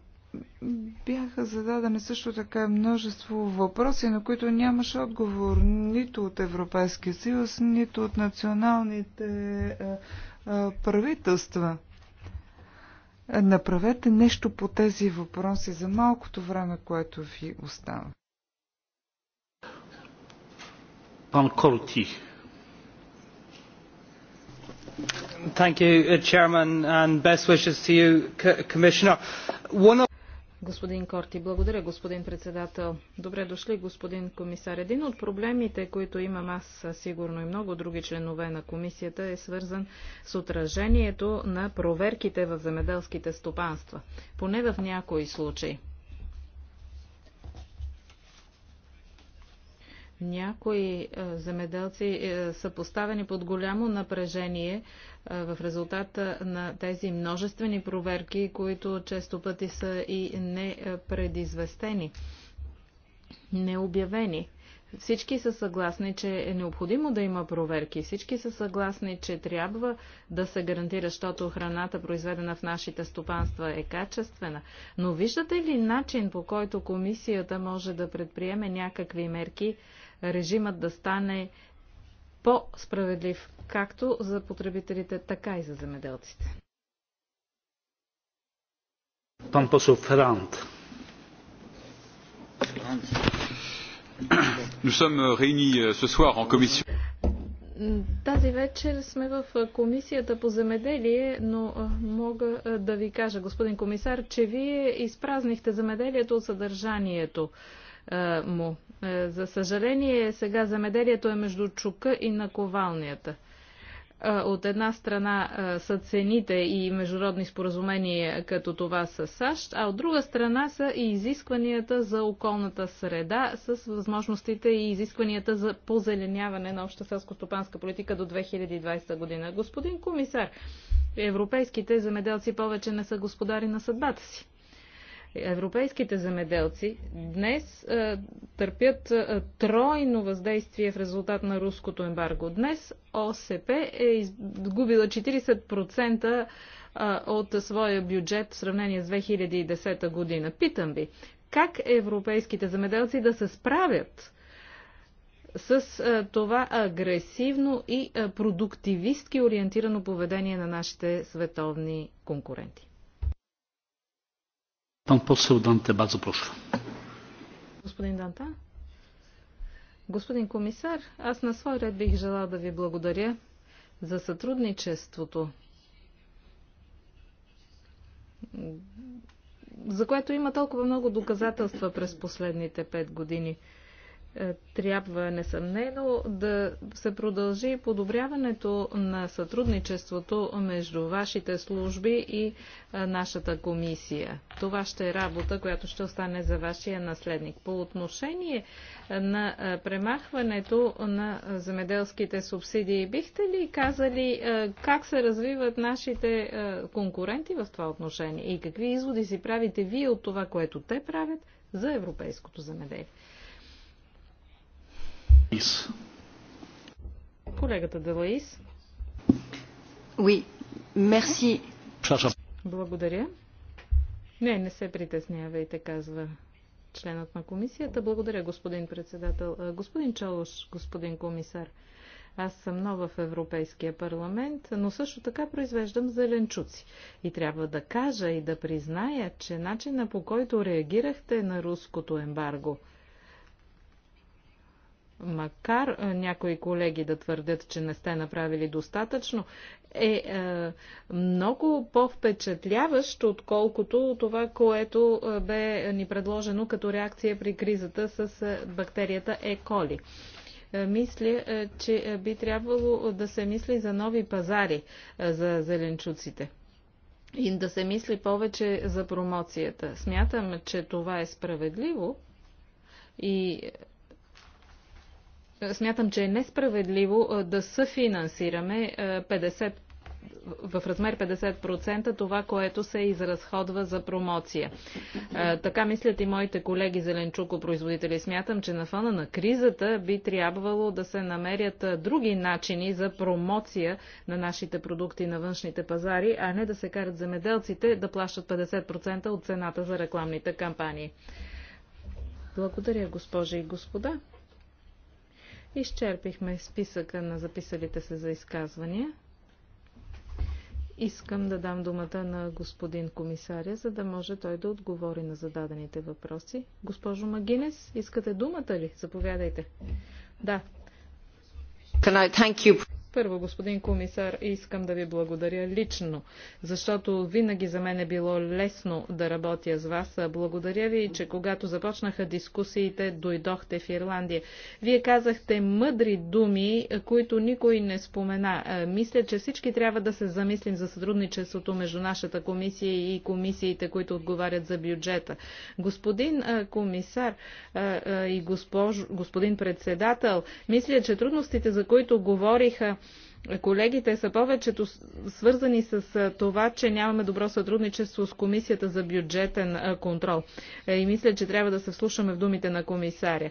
бяха зададени също така множество въпроси, на които нямаше отговор нито от Европейския съюз, нито от националните е, е, правителства. Направете нещо по тези въпроси за малкото време, което ви остава. Пан Колти. Thank you, uh, Chairman, and best wishes to you, Commissioner. One of Господин Корти, благодаря, господин председател. Добре дошли, господин комисар. Един от проблемите, които имам аз, сигурно и много други членове на комисията, е свързан с отражението на проверките в земеделските стопанства. Поне в някои случаи. Някои е, земеделци е, са поставени под голямо напрежение е, в резултат на тези множествени проверки, които често пъти са и непредизвестени, необявени. Всички са съгласни, че е необходимо да има проверки. Всички са съгласни, че трябва да се гарантира, защото храната, произведена в нашите стопанства, е качествена. Но виждате ли начин, по който комисията може да предприеме някакви мерки, режимът да стане по-справедлив както за потребителите, така и за земеделците. Пан посол Франт. Тази вечер сме в комисията по земеделие, но мога да ви кажа, господин комисар, че вие изпразнихте земеделието от съдържанието му. Е, за съжаление, сега замеделието е между чука и наковалнията. Е, от една страна е, са цените и международни споразумения като това с САЩ, а от друга страна са и изискванията за околната среда с възможностите и изискванията за позеленяване на обща селско-стопанска политика до 2020 година. Господин комисар, европейските замеделци повече не са господари на съдбата си. Европейските земеделци днес а, е, търпят а, е, тройно въздействие в резултат на руското ембарго. Днес ОСП е изгубила 40% е, от своя бюджет в сравнение с 2010 година. Питам ви, как европейските замеделци да се справят с това агресивно и продуктивистки ориентирано поведение на нашите световни конкуренти? Pan poseł Dante, bardzo proszę. Господин Данта. Господин комисар, аз на свой ред бих желал да ви благодаря за сътрудничеството, за което има толкова много доказателства през последните пет години трябва несъмнено да се продължи подобряването на сътрудничеството между вашите служби и нашата комисия. Това ще е работа, която ще остане за вашия наследник. По отношение на премахването на земеделските субсидии, бихте ли казали как се развиват нашите конкуренти в това отношение и какви изводи си правите вие от това, което те правят за европейското земеделие? Колегата Делаис. Oui, merci. Благодаря. Не, не се притеснявайте, казва членът на комисията. Благодаря, господин председател. Господин Чолош, господин комисар, аз съм нова в Европейския парламент, но също така произвеждам зеленчуци. И трябва да кажа и да призная, че начина по който реагирахте на руското ембарго – макар някои колеги да твърдят, че не сте направили достатъчно, е, е много по-впечатляващ, отколкото това, което бе ни предложено като реакция при кризата с бактерията Е. коли. Мисля, че би трябвало да се мисли за нови пазари за зеленчуците и да се мисли повече за промоцията. Смятам, че това е справедливо и Смятам, че е несправедливо да съфинансираме 50, в размер 50% това, което се изразходва за промоция. Така мислят и моите колеги зеленчукопроизводители. Смятам, че на фона на кризата би трябвало да се намерят други начини за промоция на нашите продукти на външните пазари, а не да се карат земеделците да плащат 50% от цената за рекламните кампании. Благодаря, госпожи и господа. Изчерпихме списъка на записалите се за изказвания. Искам да дам думата на господин комисаря, за да може той да отговори на зададените въпроси. Госпожо Магинес, искате думата ли? Заповядайте. Да. Първо, господин комисар, искам да ви благодаря лично, защото винаги за мен е било лесно да работя с вас. Благодаря ви, че когато започнаха дискусиите, дойдохте в Ирландия. Вие казахте мъдри думи, които никой не спомена. Е, мисля, че всички трябва да се замислим за сътрудничеството между нашата комисия и комисиите, които отговарят за бюджета. Господин е, комисар е, и госпож, господин председател, мисля, че трудностите, за които говориха колегите са повечето свързани с това, че нямаме добро сътрудничество с Комисията за бюджетен контрол. Е, и мисля, че трябва да се вслушаме в думите на комисаря.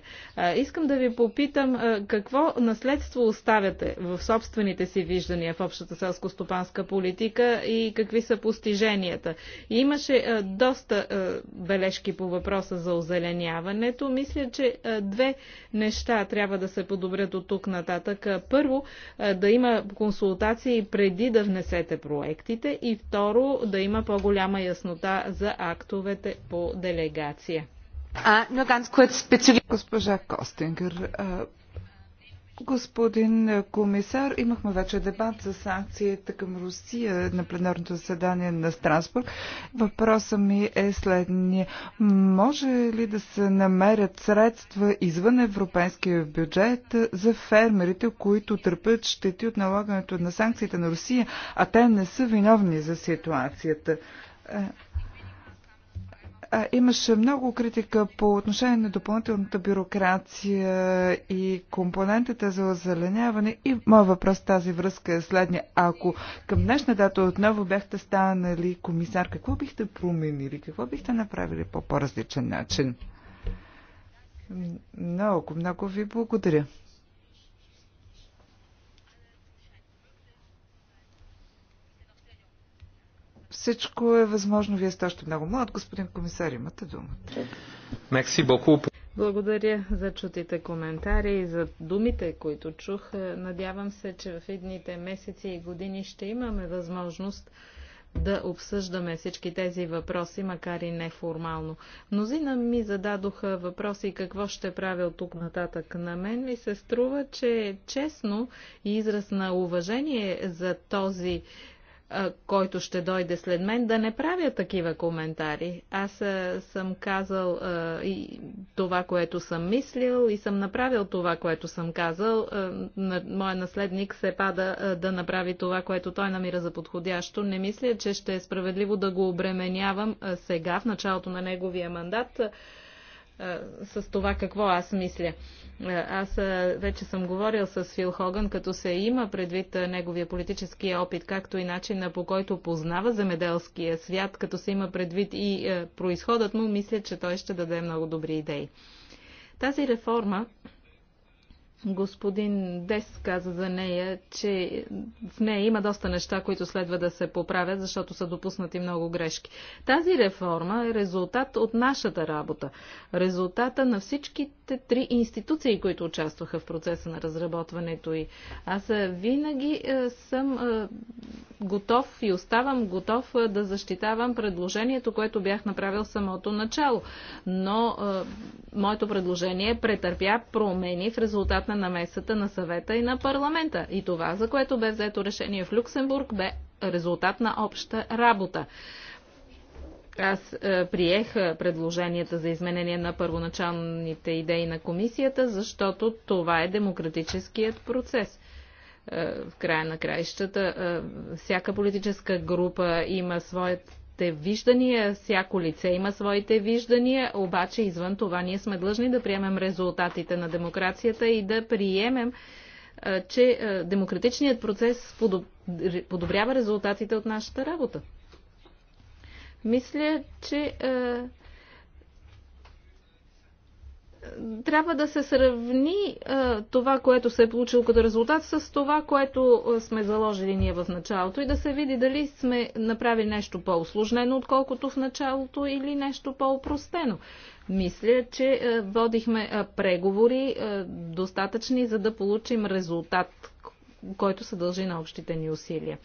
Искам да ви попитам какво наследство оставяте в собствените си виждания в общата селско-стопанска политика и какви са постиженията. Имаше доста бележки по въпроса за озеленяването. Мисля, че две неща трябва да се подобрят от тук нататък. Първо, да има консултации преди да внесете проектите и второ да има по-голяма яснота за актовете по делегация. Госпожа Костингер, Господин комисар, имахме вече дебат за санкциите към Русия на пленарното заседание на Страсбург. Въпросът ми е следния. Може ли да се намерят средства извън европейския бюджет за фермерите, които търпят щети от налагането на санкциите на Русия, а те не са виновни за ситуацията? Е, имаше много критика по отношение на допълнителната бюрокрация и компонентите за озеленяване. И моят въпрос тази връзка е следния. Ако към днешна дата отново бяхте станали комисар, какво бихте променили? Какво бихте направили по по-различен начин? Много, много ви благодаря. Всичко е възможно. Вие сте още много млад, господин комисар. Имате думата. Мекси боку. Благодаря за чутите коментари и за думите, които чух. Надявам се, че в едните месеци и години ще имаме възможност да обсъждаме всички тези въпроси, макар и неформално. Мнозина ми зададоха въпроси какво ще правя от тук нататък. На мен ми се струва, че е честно и израз на уважение за този който ще дойде след мен, да не правя такива коментари. Аз съм казал и това, което съм мислил и съм направил това, което съм казал. Моя наследник се пада да направи това, което той намира за подходящо. Не мисля, че ще е справедливо да го обременявам сега, в началото на неговия мандат, с това какво аз мисля. Аз вече съм говорил с Фил Хоган, като се има предвид неговия политически опит, както и начина по който познава земеделския свят, като се има предвид и происходът му, мисля, че той ще даде много добри идеи. Тази реформа Господин Дес каза за нея, че в нея има доста неща, които следва да се поправят, защото са допуснати много грешки. Тази реформа е резултат от нашата работа. Резултата на всичките три институции, които участваха в процеса на разработването и аз винаги е, съм е, готов и оставам готов да защитавам предложението, което бях направил в самото начало. Но е, моето предложение претърпя промени в резултат на намесата на съвета и на парламента. И това, за което бе взето решение в Люксембург, бе резултат на обща работа. Аз е, приех предложенията за изменение на първоначалните идеи на комисията, защото това е демократическият процес. Е, в края на краищата. Е, всяка политическа група има своите виждания, всяко лице има своите виждания, обаче извън това ние сме длъжни да приемем резултатите на демокрацията и да приемем е, че демократичният процес подобрява резултатите от нашата работа. Мисля, че трябва да се сравни а, това, което се е получило като резултат с това, което сме заложили ние в началото и да се види дали сме направили нещо по-осложнено, отколкото в началото или нещо по упростено Мисля, че а, водихме а, преговори а, достатъчни, за да получим резултат, който се дължи на общите ни усилия.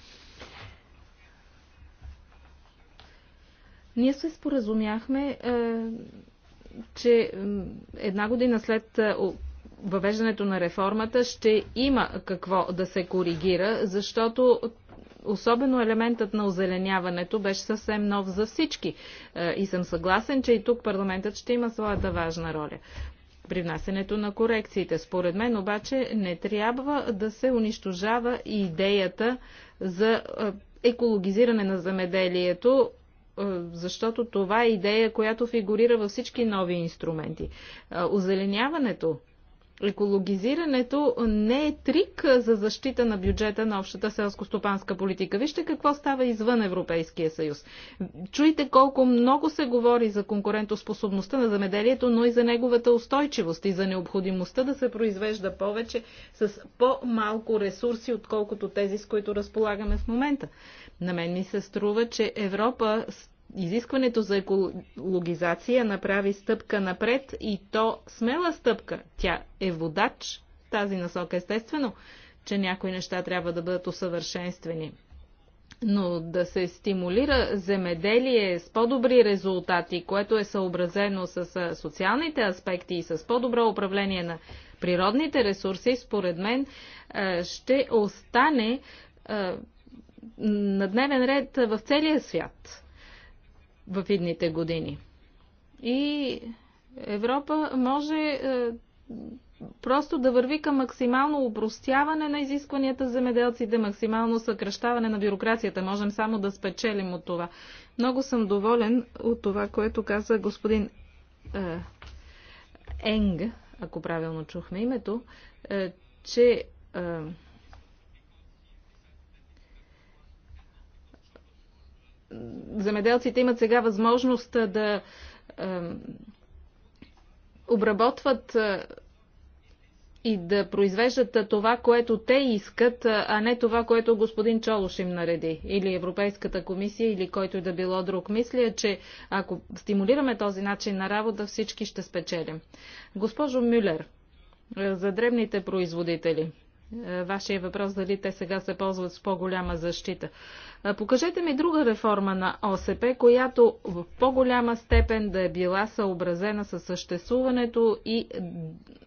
Ние се споразумяхме. А, че една година след е, въвеждането на реформата ще има какво да се коригира, защото особено елементът на озеленяването беше съвсем нов за всички. Е, и съм съгласен, че и тук парламентът ще има своята важна роля при внасенето на корекциите. Според мен обаче не трябва да се унищожава и идеята за е, екологизиране на замеделието е, защото това е идея, която фигурира във всички нови инструменти. Е, озеленяването, екологизирането не е трик за защита на бюджета на общата селско-стопанска политика. Вижте какво става извън Европейския съюз. Чуйте колко много се говори за конкурентоспособността на замеделието, но и за неговата устойчивост и за необходимостта да се произвежда повече с по-малко ресурси, отколкото тези, с които разполагаме в момента. На мен ми се струва, че Европа изискването за екологизация направи стъпка напред и то смела стъпка. Тя е водач в тази насока. Естествено, че някои неща трябва да бъдат усъвършенствени. Но да се стимулира земеделие с по-добри резултати, което е съобразено с социалните аспекти и с по-добро управление на природните ресурси, според мен ще остане на дневен ред в целия свят в идните години. И Европа може е, просто да върви към максимално упростяване на изискванията за земеделците, максимално съкръщаване на бюрокрацията. Можем само да спечелим от това. Много съм доволен от това, което каза господин е, Енг, ако правилно чухме името, е, че е, земеделците имат сега възможност да обработват и да произвеждат това, което те искат, а не това, което господин Чолош им нареди, или Европейската комисия, или който и да било друг. Мисля, че ако стимулираме този начин на работа, всички ще спечелим. Госпожо Мюлер, за древните производители, вашия въпрос дали те сега се ползват с по-голяма защита. Покажете ми друга реформа на ОСП, която в по-голяма степен да е била съобразена със съществуването и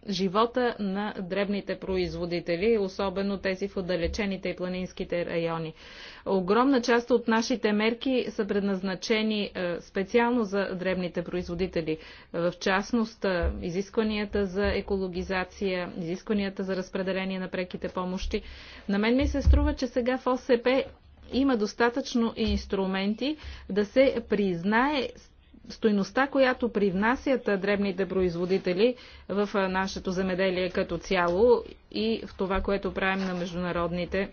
живота на дребните производители, особено тези в отдалечените и планинските райони. Огромна част от нашите мерки са предназначени специално за дребните производители. В частност, изискванията за екологизация, изискванията за разпределение на преките помощи. На мен ми се струва, че сега в ОСП има достатъчно инструменти да се признае стойността, която привнасят дребните производители в нашето земеделие като цяло и в това, което правим на международните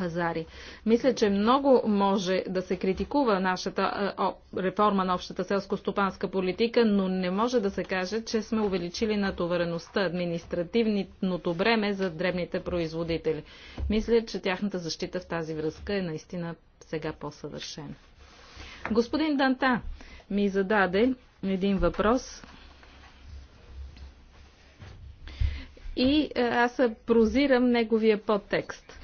пазари. Мисля, че много може да се критикува нашата реформа на общата селско-стопанска политика, но не може да се каже, че сме увеличили натовареността, административното бреме за дребните производители. Мисля, че тяхната защита в тази връзка е наистина сега по-съвършена. Господин Данта ми зададе един въпрос, и аз прозирам неговия подтекст.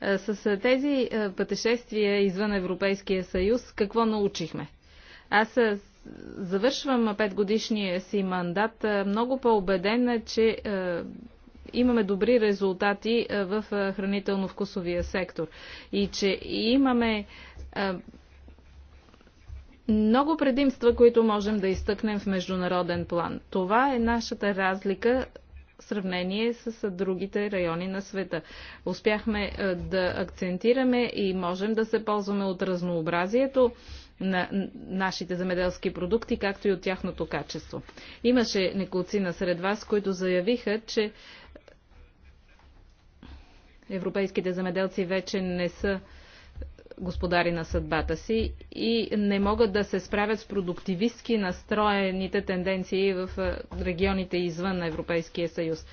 Е, с е, тези е, пътешествия извън Европейския съюз какво научихме? Аз завършвам петгодишния си мандат много по-убедена, че имаме добри резултати в хранително-вкусовия сектор и че имаме много предимства, които можем да изтъкнем в международен план. Това е нашата разлика сравнение с другите райони на света. Успяхме е, да акцентираме и можем да се ползваме от разнообразието на нашите земеделски продукти, както и от тяхното качество. Имаше неколцина сред вас, които заявиха, че европейските земеделци вече не са господари на съдбата си и не могат да се справят с продуктивистки настроените тенденции в регионите извън Европейския съюз.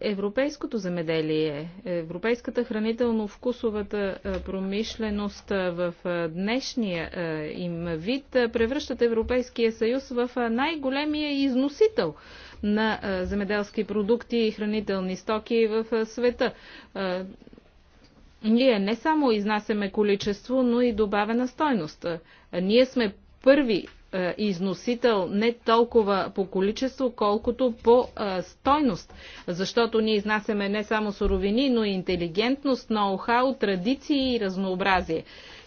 Европейското замеделие, европейската хранително-вкусовата промишленост в днешния им вид превръщат Европейския съюз в най-големия износител на земеделски продукти и хранителни стоки в света. Ние не само изнасяме количество, но и добавена стойност. Е, ние сме първи е, износител не толкова по количество, колкото по а, е, стойност, защото ние изнасяме не само суровини, но и интелигентност, ноу-хау, традиции и разнообразие.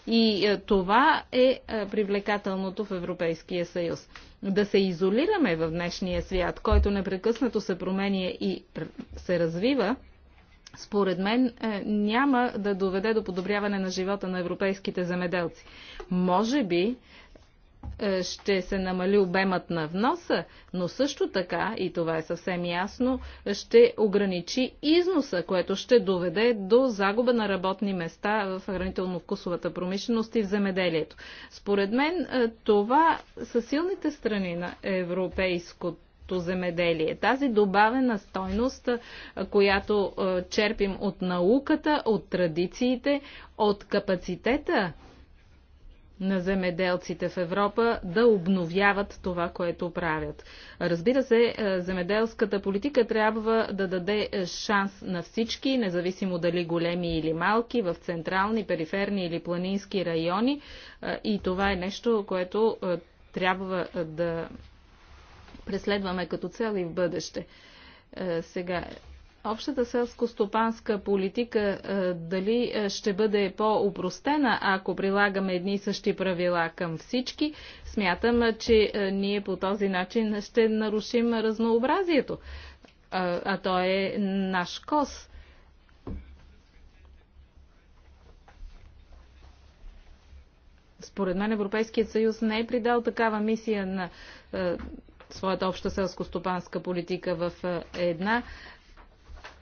И а, това е а, привлекателното в Европейския съюз. Да се изолираме в днешния свят, който непрекъснато се променя и се развива, според мен е, няма да доведе до подобряване на живота на европейските земеделци. Може би е, ще се намали обемът на вноса, но също така, и това е съвсем ясно, ще ограничи износа, което ще доведе до загуба на работни места в хранително-вкусовата промишленост и в земеделието. Според мен е, това са силните страни на европейското нашето земеделие. Тази добавена стойност, която черпим от науката, от традициите, от капацитета на земеделците в Европа да обновяват това, което правят. Разбира се, земеделската политика трябва да даде шанс на всички, независимо дали големи или малки, в централни, периферни или планински райони. И това е нещо, което трябва да преследваме като цел и в бъдеще. Е, сега, общата селско-стопанска политика е, дали е, ще бъде по-упростена, ако прилагаме едни и същи правила към всички, смятам, че ние по този начин ще нарушим разнообразието. А, а то е наш кос. Според мен Европейският съюз не е придал такава мисия на своята обща селско-стопанска политика в е, една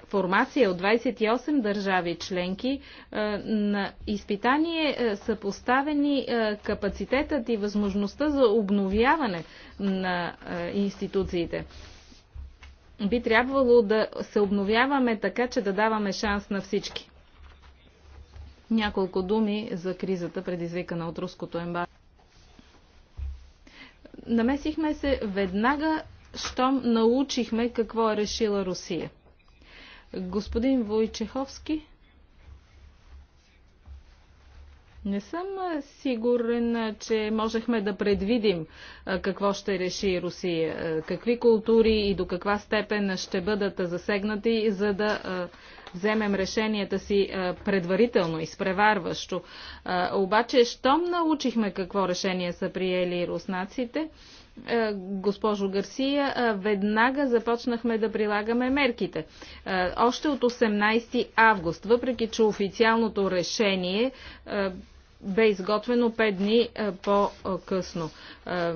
формация от 28 държави членки е, на изпитание е, са поставени капацитетът и възможността за обновяване на институциите. Би трябвало да се обновяваме така, че да даваме шанс на всички. Няколко думи за кризата, предизвикана от руското ембарго намесихме се веднага, щом научихме какво е решила Русия. Господин Войчеховски Не съм сигурен, че можехме да предвидим какво ще реши Русия, какви култури и до каква степен ще бъдат засегнати, за да вземем решенията си предварително, изпреварващо. Обаче, щом научихме какво решение са приели руснаците, госпожо Гарсия, веднага започнахме да прилагаме мерките. Още от 18 август, въпреки че официалното решение бе изготвено 5 дни е, по-късно. Е,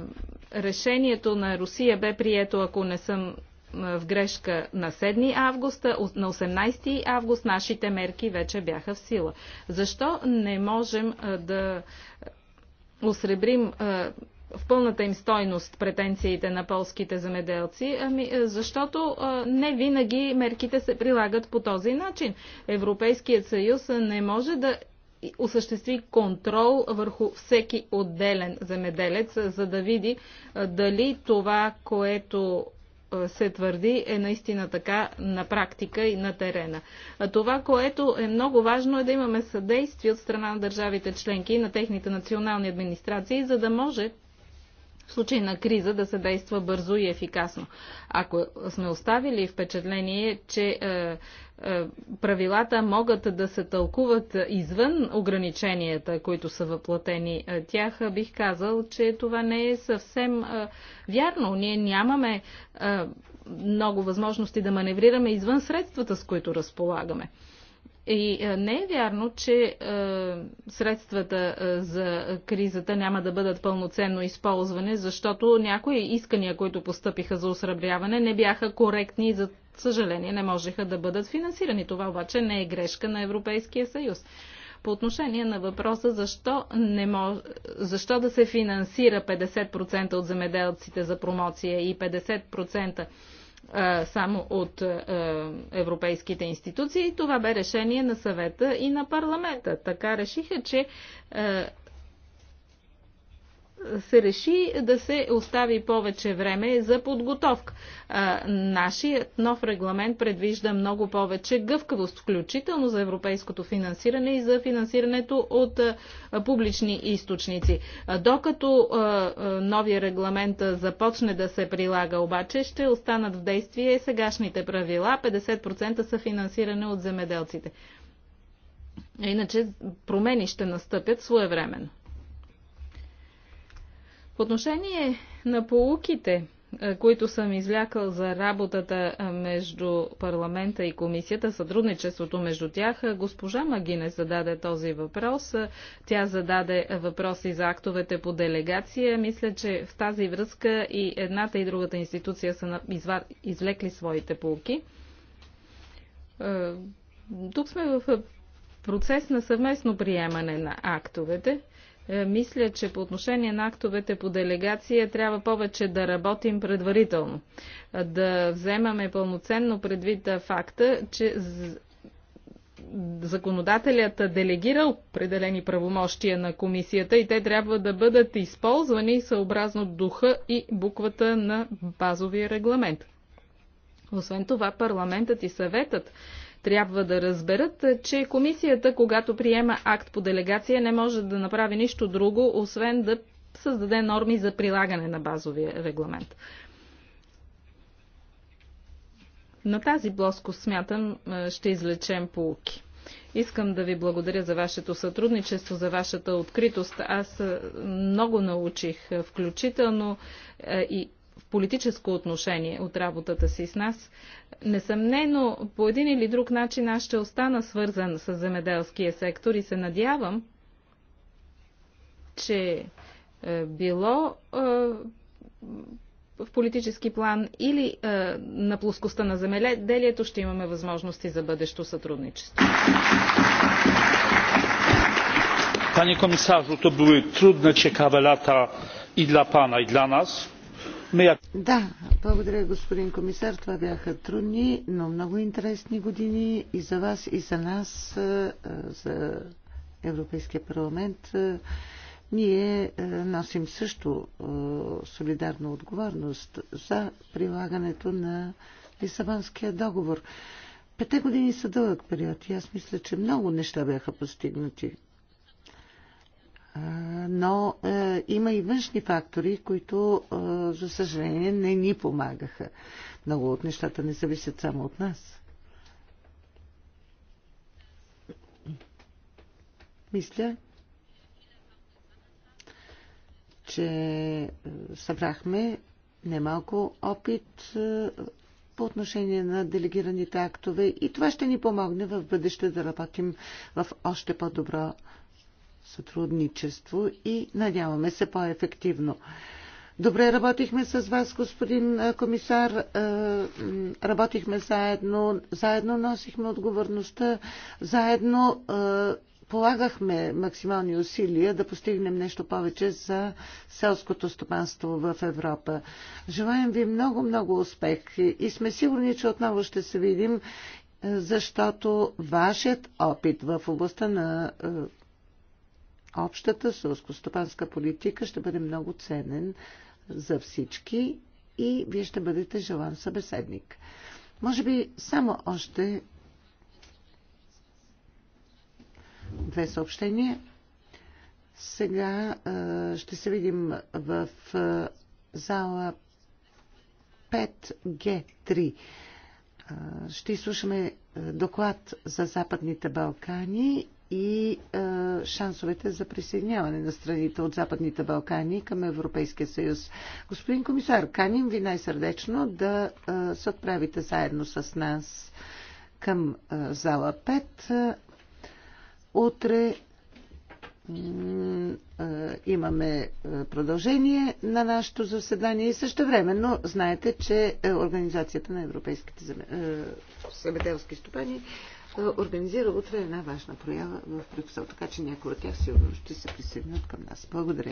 решението на Русия бе прието, ако не съм е, в грешка на 7 август, на 18 август нашите мерки вече бяха в сила. Защо не можем да осребрим в пълната им стойност претенциите на полските замеделци, ами, защото не винаги мерките се прилагат по този начин. Европейският съюз не може да осъществи контрол върху всеки отделен земеделец, за да види дали това, което се твърди, е наистина така на практика и на терена. Това, което е много важно е да имаме съдействие от страна на държавите членки и на техните национални администрации, за да може в случай на криза да се действа бързо и ефикасно. Ако сме оставили впечатление, че е, е, правилата могат да се тълкуват извън ограниченията, които са въплатени е, тях, е, бих казал, че това не е съвсем е, вярно. Ние нямаме е, много възможности да маневрираме извън средствата, с които разполагаме. И е, не е вярно, че е, средствата е, за кризата няма да бъдат пълноценно използвани, защото някои искания, които постъпиха за осребряване, не бяха коректни и за съжаление не можеха да бъдат финансирани. Това обаче не е грешка на Европейския съюз. По отношение на въпроса защо, не мож... защо да се финансира 50% от земеделците за промоция и 50% само от европейските институции. Това бе решение на съвета и на парламента. Така решиха, че се реши да се остави повече време за подготовка. Нашият нов регламент предвижда много повече гъвкавост, включително за европейското финансиране и за финансирането от публични източници. Докато новия регламент започне да се прилага, обаче ще останат в действие сегашните правила 50% са финансиране от земеделците. Иначе промени ще настъпят своевременно. По отношение на полуките, които съм излякал за работата между парламента и комисията, сътрудничеството между тях. Госпожа Магине зададе този въпрос. Тя зададе въпроси за актовете по делегация. Мисля, че в тази връзка и едната и другата институция са извлекли своите поуки. Тук сме в процес на съвместно приемане на актовете. Е, мисля, че по отношение на актовете по делегация трябва повече да работим предварително. Да вземаме пълноценно предвид факта, че законодателят делегира определени правомощия на комисията и те трябва да бъдат използвани съобразно духа и буквата на базовия регламент. Освен това, парламентът и съветът трябва да разберат, че комисията, когато приема акт по делегация, не може да направи нищо друго, освен да създаде норми за прилагане на базовия регламент. На тази плоско смятам, е, ще излечем полуки. Искам да ви благодаря за вашето сътрудничество, за вашата откритост. Аз е, много научих, е, включително и политическо отношение от работата си с нас. Несъмнено, по един или друг начин аз ще остана свързан с земеделския сектор и се надявам, че е, било е, в политически план или е, на плоскостта на земеделието ще имаме възможности за бъдещо сътрудничество. Panie komisarzu, to były trudne, ciekawe lata i dla Pana, i dla nas. Да, благодаря господин комисар. Това бяха трудни, но много интересни години и за вас, и за нас, е, за Европейския парламент. Е, ние е, носим също солидарна отговорност за прилагането на Лисабонския договор. Пете години са дълъг период и аз мисля, че много неща бяха постигнати но е, има и външни фактори, които, е, за съжаление, не ни помагаха. Много от нещата не зависят само от нас. Мисля, че е, събрахме немалко опит е, по отношение на делегираните актове и това ще ни помогне в бъдеще да работим в още по-добро сътрудничество и надяваме се по-ефективно. Добре работихме с вас, господин комисар. Работихме заедно, заедно носихме отговорността, заедно полагахме максимални усилия да постигнем нещо повече за селското стопанство в Европа. Желаем ви много-много успех и сме сигурни, че отново ще се видим, защото вашият опит в областта на общата сълскостопанска политика ще бъде много ценен за всички и вие ще бъдете желан събеседник. Може би само още две съобщения. Сега ще се видим в зала 5G3. Ще изслушаме доклад за Западните Балкани и шансовете за присъединяване на страните от Западните Балкани към Европейския съюз. Господин комисар, каним ви най-сърдечно да се отправите заедно с нас към зала 5. Утре имаме продължение на нашето заседание и също време, но знаете, че е, Организацията на европейските земеделски стопани е, организира утре една важна проява в Брюксел, така че някои от тях сигурно ще се присъединят към нас. Благодаря.